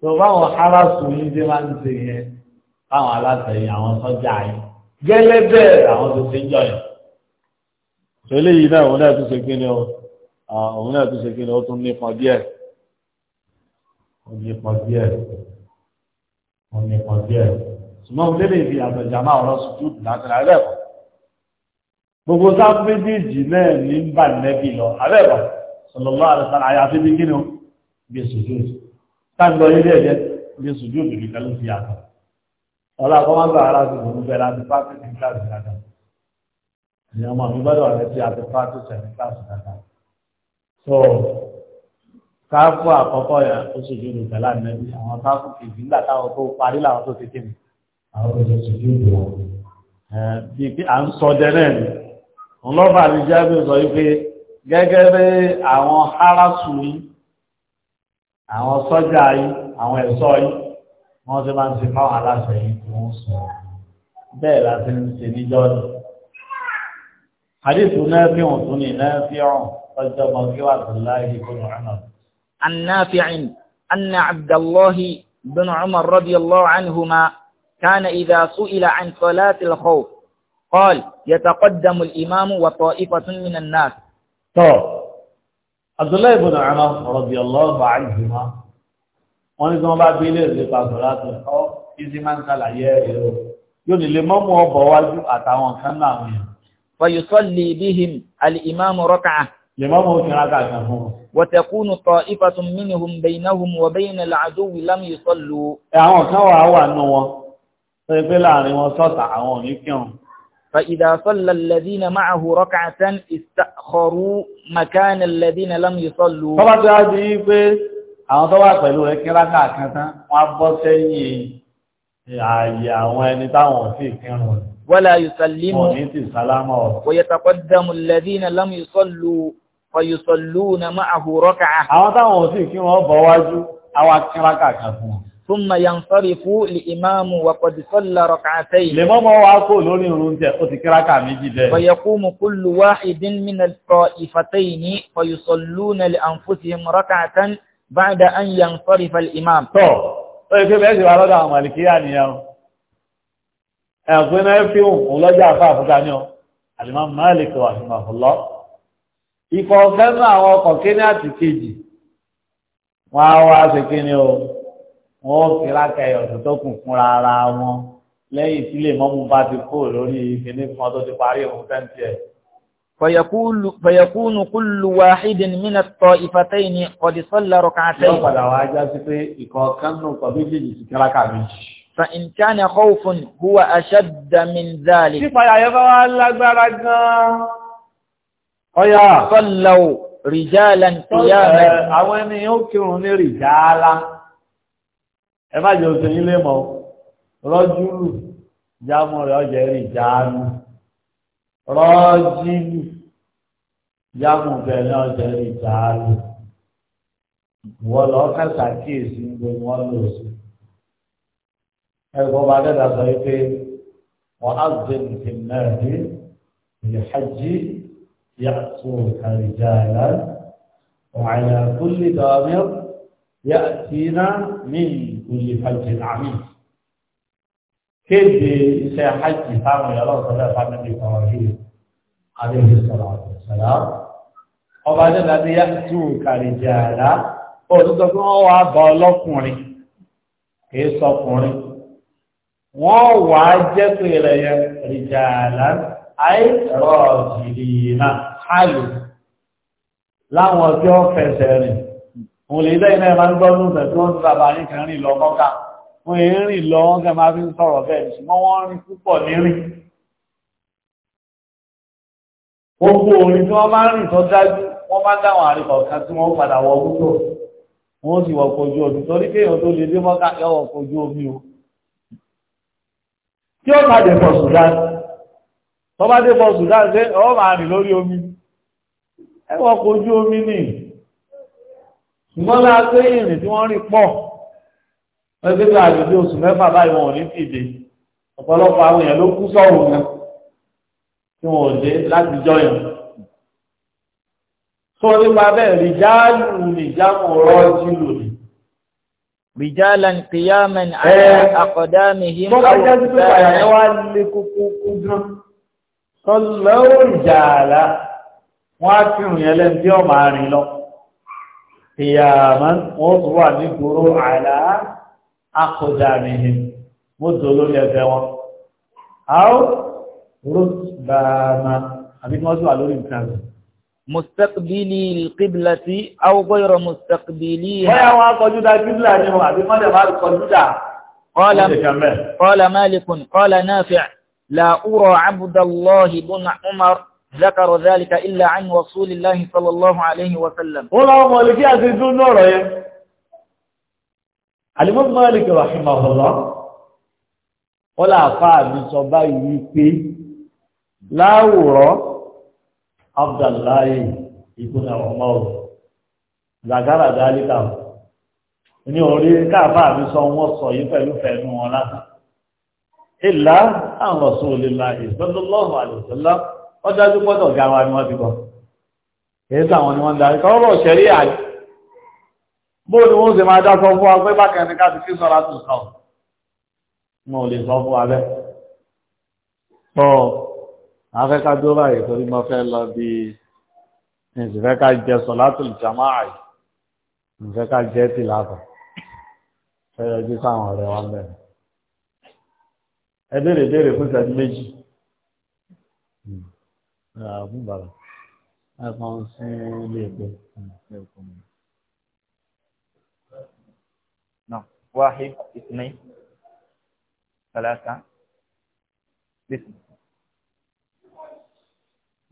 tó báwọn aráàlú yìí ti máa ń ṣe yẹn báwọn aláṣẹ yìí àwọn sọ́jà yìí gẹ́lẹ́ bẹ́ẹ̀ làwọn tó ti ń jọyọ̀ tó eléyìí náà òun náà tún ṣe kí ni ọ òun náà tún ṣe kí ni ó tún nípa díẹ̀ ó nípa díẹ̀ ó nípa díẹ̀ ṣùgbọ́n òun lélẹ̀ fi àtọ̀jà máa ọ̀rọ̀ sùdúùdù látara ẹlẹ́kọ̀ọ́ gbogbo sáà méjèèjì náà ní ń bà nẹ́bí lọ abẹ́ẹ̀kọ́ sọlọ́lá àdàtàrà àyàfi bí kí ni ó bí sùdúùdù táǹdọ̀ ilé ẹ̀jẹ̀ bí sùdúùdù nìkan ló fi yàtọ̀ ọlọ́kọ́ máa ń bá ara sí òun bẹ̀rẹ̀ àti pásítì ni ọmọ mi gbọ́dọ̀ rẹ ti àti so káfù àkọ́kọ́ yẹn ó sì ju olùkọ́ lánàbí àwọn káfù kejì nígbà táwọn tó parí làwọn tó ti kí mi àwọn tó ti sì ju olùkọ́ bíi pé à ń ni ńlọ́ba mi jẹ́ bí sọ wípé gẹ́gẹ́ bí àwọn harasu yìí àwọn حديث نافع سني نافع فالجمع في عبد الله بن عمر عن نافع أن عبد الله بن عمر رضي الله عنهما كان إذا سئل عن صلاة الخوف قال يتقدم الإمام وطائفة من الناس طب عبد الله بن عمر رضي الله عنهما wọ́n ní tí wọ́n bá gbé ilé ìlú pàṣẹ láti ọ́ ìsì máa ń ṣàlàyé ẹ̀rọ yóò nílé mọ́mú ọ̀bọ̀ wájú àtàwọn kan náà wọ̀nyẹn ويصلي بهم الإمام ركعة وتكون طائفة منهم بينهم وبين العدو لم يصلوا àwọn kan wà wà nù wọn tó yẹ pé láàrin wọn sọ́tà àwọn òní kírun. فإذا صلى الذين معه ركعة استأخروا مكان الذين لم يصلوا. tọ́ba tí a di pé àwọn tó wà pẹ̀lú rẹ̀ kíra káàkan tán wọ́n á bọ́ sẹ́yìn ààyè àwọn ẹni táwọn ò sì kírun rẹ̀. ولا يسلم ويتقدم الذين لم يصلوا فيصلون معه ركعة ثم ينصرف الإمام وقد صلى ركعتين ويقوم كل واحد من الطائفتين فيصلون لأنفسهم ركعة بعد أن ينصرف الإمام ẹ̀fún náà fi òun lọ́jà àfà àfúta ní ọ àdìmọ́ máàlìkì wà fún àfúlọ́ ikọ̀ ọ̀fẹ́ náà àwọn ọkọ̀ kíní àti kejì wọ́n á wá sí kíní o wọ́n ó fi rákà ẹ̀yọ̀tún tó kù fúnra ara wọn lẹ́yìn tí lè mọ́mú bá ti kó lórí kíní kan tó ti parí òun fẹ́ǹtì ẹ̀. fẹ̀yẹ̀kúnù kúlù wàhídìn mínà tọ ìfàtẹ́yìn ni ọ̀dìsọ́lá rọ̀kà àtẹ́yìn. yóò padà wá já sí pé ìkọ̀ọ̀kan nù فإن كان خوف هو أشد من ذلك صلوا رجالا قياما àwọn ènìyàn ó kírun ní rìjáàlá ẹ má jẹ́ òsè ilé mọ́ rọ́júlù jámọ́ rẹ̀ ọjẹ́ rìjáàlú rọ́jìlù jámọ́ rẹ̀ ní ọjẹ́ rìjáàlú wọ́n lọ́ọ́ kásà kíyèsí gbogbo wọn lò sí ẹ̀kọ́ bá dẹ́ta sọ yìí pé wọ́n á zè nìkan náà dé ìyàhájì yàtò àrìjàlá وعلى كل ضامر يأتينا من كل فج عميق kéde iṣẹ́ hajj fáwọn ìyàlọ́ sọ́dọ̀ fámìlì ọ̀hìn àdéhùn sọ̀rọ̀ ọ̀sọ̀lá ọba dẹ́gbà bí yá tí ó kàrí jẹ́ àdá òtútọ́ tí wọ́n wá bá ọlọ́kùnrin kìí sọkùnrin wọ́n wà á jẹ́ pé rẹ̀ yẹ rìjàlá àìrọ̀ ìrìnà hálù láwọn tí ó fẹsẹ̀ rìn òun lè dẹ́yìn náà máa ń gbọ́nú ìfẹ́ tó ń sábà ní kan rìn lọ mọ́ká wọ́n èé rìn lọ wọ́n kẹ́ máa fi ń sọ̀rọ̀ bẹ́ẹ̀ ṣùgbọ́n wọ́n rìn púpọ̀ ní rìn gbogbo orin tí wọ́n máa ń rìn tó dájú wọ́n tí ó máa dẹ̀ bọ̀ Sudan tó bá dé bọ̀ Sudan ṣe ọ máa rìn lórí omi ẹwọ́n kò ojú omi nì ṣùgbọ́n láti pé ìrìn tí wọ́n rìn pọ̀ ẹgbẹ́ tó àjòjì oṣù mẹ́fà báyìí wọn ò ní fìdí ọ̀pọ̀lọpọ̀ àwọn èèyàn ló kú sọ̀rọ̀ yẹn tí wọn ò dé láti jọyàn tó nípa bẹ́ẹ̀ rí nìjáàmù rọ́ọ̀jì lòdì Bijalan qiyaman eh, ala aqdamihim. Bọ́lá jẹ́ sí pé àyà ẹ̀ wá lé kúkú kú dúró. Sọ́lọ́ ìjàlá, wọ́n á kírun yẹn Qiyaman, wọ́n tún wà ala aqdamihim. Mo dò lórí ẹgbẹ́ wọn. Àwọn rúbàmà, àbí wọ́n tún wà lórí nǹkan mustaqbili alqiblati aw ghayra mustaqbiliha. bóyá wọn akọjú dá kíbla ni wọn àbí mọ́tẹ̀ máa kọjú dá. qala qala malikun qala nafi' la ura abdullahi ibn umar ذكر ذلك إلا عن رسول الله صلى الله عليه وسلم والله مالك يا سيدنا نور الإمام مالك رحمه الله ولا فاهم صباي ويبي لا ورا abdullahi ibn umar zagara dalika ní orí káàbà mi sọ wọ́n sọ yìí pẹ̀lú fẹ̀nu wọn láti ìlà an rasulillahi sallallahu alaihi wasallam ọdájú gbọ́dọ̀ ga wa ni wọ́n ti bọ̀ èyí táwọn ni wọ́n darí kọ́rọ̀ ṣẹ̀rí àjẹ́ bó ni wọ́n sì máa dákọ̀ fún wa pé bákan ní káàdì kí sọ́ra tún sọ wọn ò lè sọ fún wa bẹ́ẹ̀ máa fẹ́ ká dúró báyìí torí mo fẹ́ lọ bí n sì fẹ́ ká jẹ sọ̀látùl jàmáà yìí n fẹ́ ká jẹ́ tìlátà fẹ́ yọjú sáwọn ọ̀rẹ́ wa mẹ́rin ẹ béèrè béèrè fún ìṣẹ́jú méjì hmm. fún bàbá ilé ẹgbẹ́. واحد اثنين ثلاثة بسم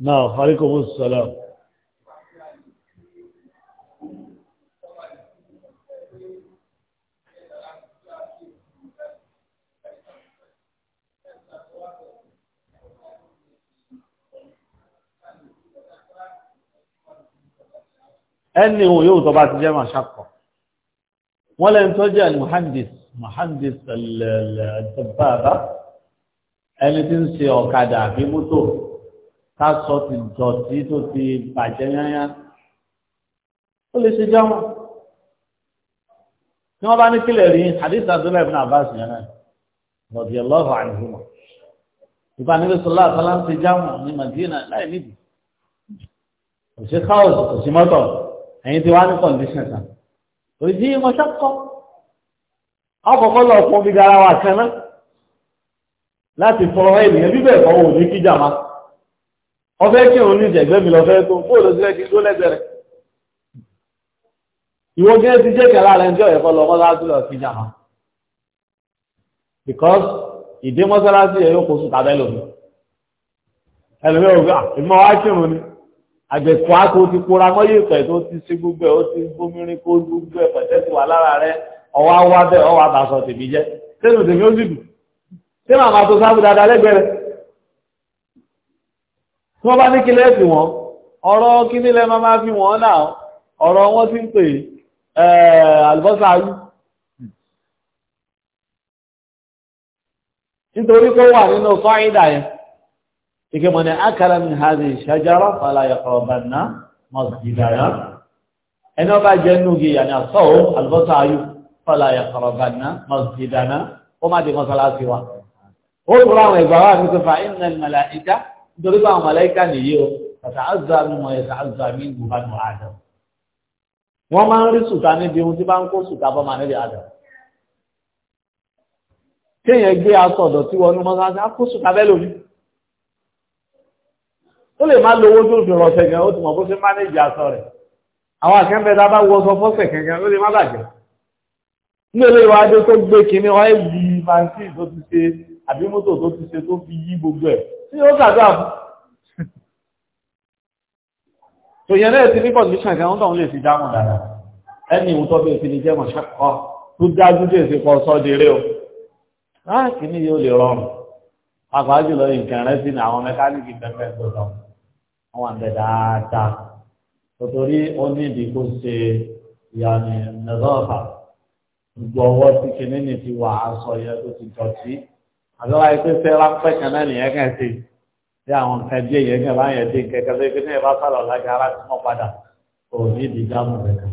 نعم عليكم السلام أنه يوضع بعد الجامعة شقة ولا يتوجع المهندس مهندس الدبابة أن تنسي وكذا في مطور ká sọ ti dọ̀tí tó ti bàjẹ́ yányá ó lè ṣe jámọ́ tí wọ́n bá ní kílẹ̀ rí hadith abdullahi ibn abbas yẹn náà radiyallahu anhuma ìbánigbé sọlá àtàlà ń ṣe jámọ́ ní madina láì níbi kò sí káwọ̀ kò sí mọ́tò ẹ̀yin ti wá ní kọ̀ǹdíṣàn kan kò sí mọ́ṣákọ́ ọkọ̀ọ̀kọ́ lọ fún bí garawa kan náà láti fọ ènìyàn bíbẹ̀ fọwọ́ òní kíjà ọfẹ́ kí òun ní ìjẹ̀gbẹ́ mi lọ́fẹ́ tó bóòlù sílẹ̀ kí n tó lẹ́gbẹ̀ẹ́ rẹ̀ ìwọ gẹ́gẹ́ ti jẹ́ kẹ́lá rẹ̀ ń jọ ẹ̀kọ́ lọ mọ́sálásí lọ sí jàmá because ìdí mọ́sálásí ẹ̀ yóò kó sùn tàbẹ́ lòmí ẹlòmí ògbà ìmọ̀ wá kírun ni àgbẹ̀kọ́ akó ti kóra mọ́yé ìpẹ́ tó ti ṣe gbogbo ẹ̀ ó ti gbómìnrin kó gbogbo ẹ̀ pẹ̀tẹ́ ti wà lára rẹ̀ ọwọ́ wá bẹ́ẹ̀ ọwọ́ àbàṣọ tèmi jẹ́ sẹ́nu tèmi ó sì dùn sí màmá sábà dáadáa lẹ́gbẹ̀ẹ́ tí wọ́n bá ní kí lẹ́ẹ̀fì wọn ọ̀rọ̀ kí nílẹ̀ máa máa fi wọ́n náà ọ̀rọ̀ wọ́n ti ń pè àlùbọ́sà ayú nítorí kó wà nínú fáìdà yẹn ìkẹmọ̀ ni akala min hadhihi shajara fala yaqrabanna masjidana ẹni ọba jẹ́ núgi yàní àsọ́wọ́ àlùbọ́sà ayú fala yaqrabanna masjidana ó má di mọ́sálásí wa ó rọrùn ẹgbàá wà ní pé fa innal nítorí pé àwọn màláíkà nìyí o tàtà azami wọn yẹ azami gbogbo àná adam wọn máa ń rí sùtà níbi ohun tí bá ń kó sùtà bọ́ máa níbi adam kéèyàn gbé aṣọ ọ̀dọ̀ tí wọnú mọ́sáàsì á kó sùtà bẹ́ẹ̀ lómi ó lè má lówó tó fi rọ̀ṣẹ̀ gan ó ti mọ̀ bó ṣe mánéjì aṣọ rẹ̀ àwọn akẹ́ńbẹ́ tá a bá wọ ọsọ fọ́sẹ̀ kankan ó lè má bàjẹ́ ní ilé wa adé tó gbé kinní ọ́ ẹ̀ yí màǹtí ṣe àbí tí ó sàdúrà fún tó yẹn náà ti ní condition kan tó ń lè fi dámọ̀ dára ẹni ìwúntọ́ bí èsì ní jẹ́ mọ̀ ṣàkọ́ tó dájú dé èsì pọ̀ sọ́dẹ̀rẹ́ o láàkì ah, ní yóò lè rọrùn pàápàá jùlọ nǹkan rẹ sí ní àwọn mẹkáníìkì pẹpẹ tó lọ wọn wà ń bẹ dáadáa tòtòrí ó ní ìdí kó ṣe ìyànnì nẹzọ́ọ̀fà gbogbo ọwọ́ kìnínní ti wà aṣọ yẹn tó ti dọ̀tí àgbẹ̀wá ẹgbẹ́ fẹ́ ráńpẹ́ kan náà nìyẹn kàn sí bí àwọn nǹkan díẹ̀ yẹn kàn báyẹn dín kẹ̀kẹ́ tó kí ní ìbá sọ̀rọ̀ lájà ara tí wọ́n padà ò ní ìdí dáàmú rẹ̀ kan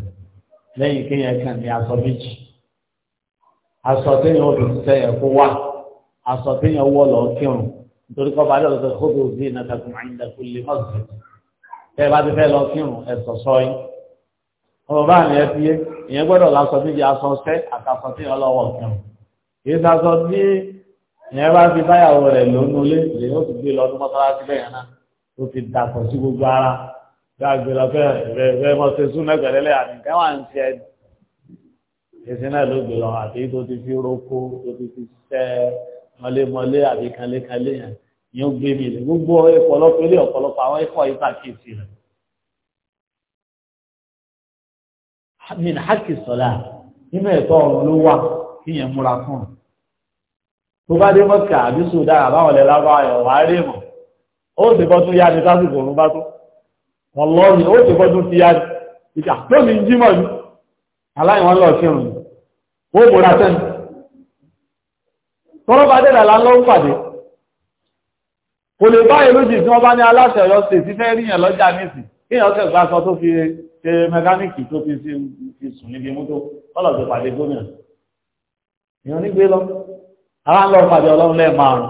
lẹ́yìn kéèyàn kàn ní aṣọ méjì aṣọ téèyàn ò fi ṣiṣẹ́ yẹn kó wà aṣọ téèyàn wọ̀ lọ kírun nítorí kọ́ balẹ̀ ọ̀sẹ̀ kóbi òbí ìnàkàkùn àyìndàkùn lè mọ̀ọ́sì tẹ́ ẹ bá ti fẹ́ lọ kírun ẹ̀sọ̀ sọ́yìn ọmọ bá ní ẹbí yẹ ìyẹn gbọ́dọ̀ lásọ méjì aṣọ ṣẹ́ àtàṣọ tí ọlọ́wọ́ kẹrùn kì í sasọ ní ìyẹn bá fi báyàwó rẹ̀ lónú lé lè ó ti gbé lọ ọdún mọ́sálásí bẹ́ẹ̀ náà ó ti dàpọ̀ sí gbogbo ara gba gbèrò fẹ́ rẹ̀ rẹ̀ mọ́ ṣe sún lẹ́gbẹ̀rẹ́lẹ́ àmì kẹwà ń ṣe ẹni èsì náà ló gbé lọ àti tó ti fi roko tó ti fi ṣẹ́ mọ́lémọ́lé àbí kanlékanlé yẹn ni ó gbé mi lè gbogbo ọ̀pọ̀lọpọ̀ ilé ọ̀pọ̀lọpọ̀ àwọn ẹ̀kọ́ yìí pàkíyèsí rẹ̀. min hakisọ̀lá nínú ẹ̀tọ́ ọ̀run ló wà kíyẹn múra fún un tó bá dé mọ́kà àbí sudan àbáwọn ilẹ̀ lábáwọn ẹ̀ wà á rí mọ̀ ó sì bọ́ tún yá ni sásìkò òun bá tó wọn lọ rí ó sì bọ́ tún ti yá ni ìjà tó mi ń jí mọ̀ ni aláìwọ̀n lọ sí òun ó bóra sẹ́nu tọ́rọ bá dé làlá lọ́wọ́ pàdé kò lè báyìí lójì tí wọ́n bá ní aláṣẹ ọ̀yọ́ sí ti fẹ́ ríyàn lọ́jà nísì kí èèyàn kẹ̀ gbá sọ tó fi ṣe mẹkáníìkì tó fi sùn níbi mú tó ọlọ́dún ara ń lọ pàdé ọlọ́run lẹ́ẹ̀márùn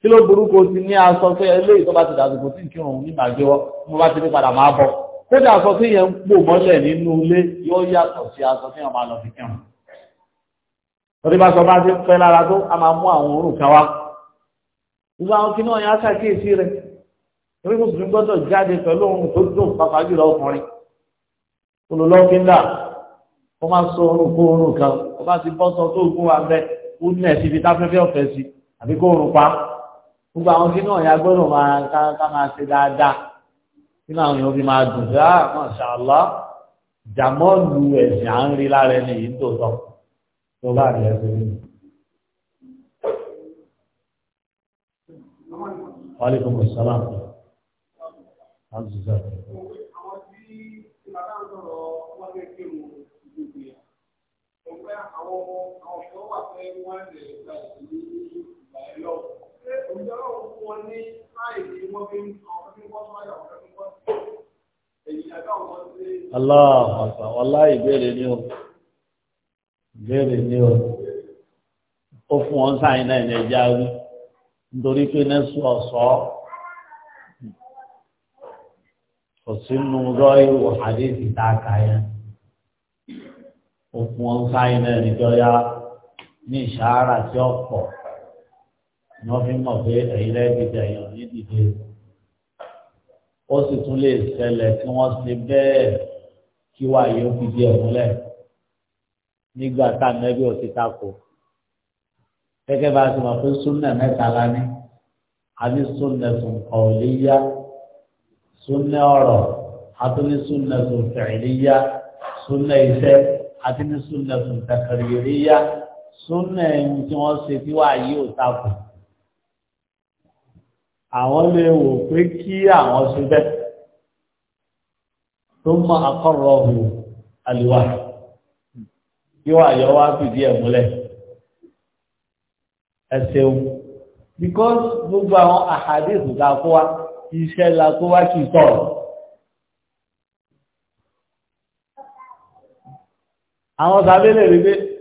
kí ló burúkú ti ní aṣọ pé eléyìí tó bá ti dàdùkú tí nǹkan òun ní màgbé wọ mo bá ti ní padà máa bọ kódà aṣọ tí yẹn ń pò mọ́lẹ̀ nínú ilé yóò yàtọ̀ sí aṣọ tí wọ́n máa lọ fi kírun torí bá sọ bá ti pẹ́ lára tó a máa mú àwọn òórùn kan wá gbogbo àwọn kìnìún ọ̀yàn aṣàkíyèsí rẹ̀ torí mùsùlùmí gbọ́dọ̀ jáde pẹ̀lú ohun tó dùn pàpà jùlọ ọkùnrin olùlọ́kíńdà ó máa sọ orun kó ó bá ti bọ́ sọ tó gún wa bẹ́ẹ̀ kó nà ẹ̀ síbi táfẹ́fẹ́ ọ̀fẹ́ sí àbí kó rùn pa gbogbo àwọn sínú ọ̀yà gbọ́dọ̀ máa ká máa ṣe dáadáa nínú àwọn èèyàn fi máa dùn sí ah masha Allah jàmọ́ lu ẹ̀sìn à ń rí lára ẹni yìí ń tòótọ́ tó bá rẹ̀ ẹ̀sìn nínú. Wàlẹ́kùn sọ́lá. Azùzà. Allah, rẹ̀ gbà sí ìgbà ẹ̀ lọ. Ṣé òjò náà fún wọn ní láì tí wọ́n fi ń sọ wọ́n fi o. Ìbéèrè ni o. Ó fún wọn sáyìn náà ní ẹja rí nítorí pé nẹ́sù ọ̀sọ́ kò sínú rọ́ì wọ̀ àdéhìí tá a kà yẹn. Ó fún wọn sáyìn náà níjọ́ yá ní ìṣàárà tí ó pọ̀ ni wọ́n fi mọ̀ pé ẹ̀yin lẹ́ẹ̀dìdì ẹ̀yàn ní dìde ó sì tún lè ṣẹlẹ̀ tí wọ́n ṣe bẹ́ẹ̀ kí wàá yóò fi di ẹ̀ múlẹ̀ nígbà tá a nẹ́bí òsì tako gẹ́gẹ́ bá a ti mọ̀ pé súnà mẹ́ta la ní a ní súnà tún kọ̀ọ̀lẹ́yà súnà ọ̀rọ̀ a tún ní súnà tún fẹ̀ẹ́lẹ́yà súnà iṣẹ́ a tún ní súnà tún súnà ẹni tí wọ́n ṣe tí wà yí ò takò àwọn lè wò pé kí àwọn ṣe bẹ́ẹ̀ tó mọ akọ́rọ̀ ọ̀hún àlùwà kí wà yọ wá fìdí ẹ̀ múlẹ̀ ẹ ṣeun because gbogbo àwọn àhàdéhù la kó wa iṣẹ́ la kó wa kì í sọ̀rọ̀. àwọn sábẹ́ lè rí pé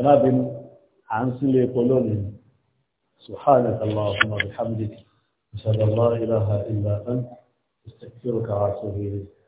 تنابن عن سلي قلون سبحانك اللهم بحمدك أشهد ان لا إله إلا أنت استغفرك وأتوب إليك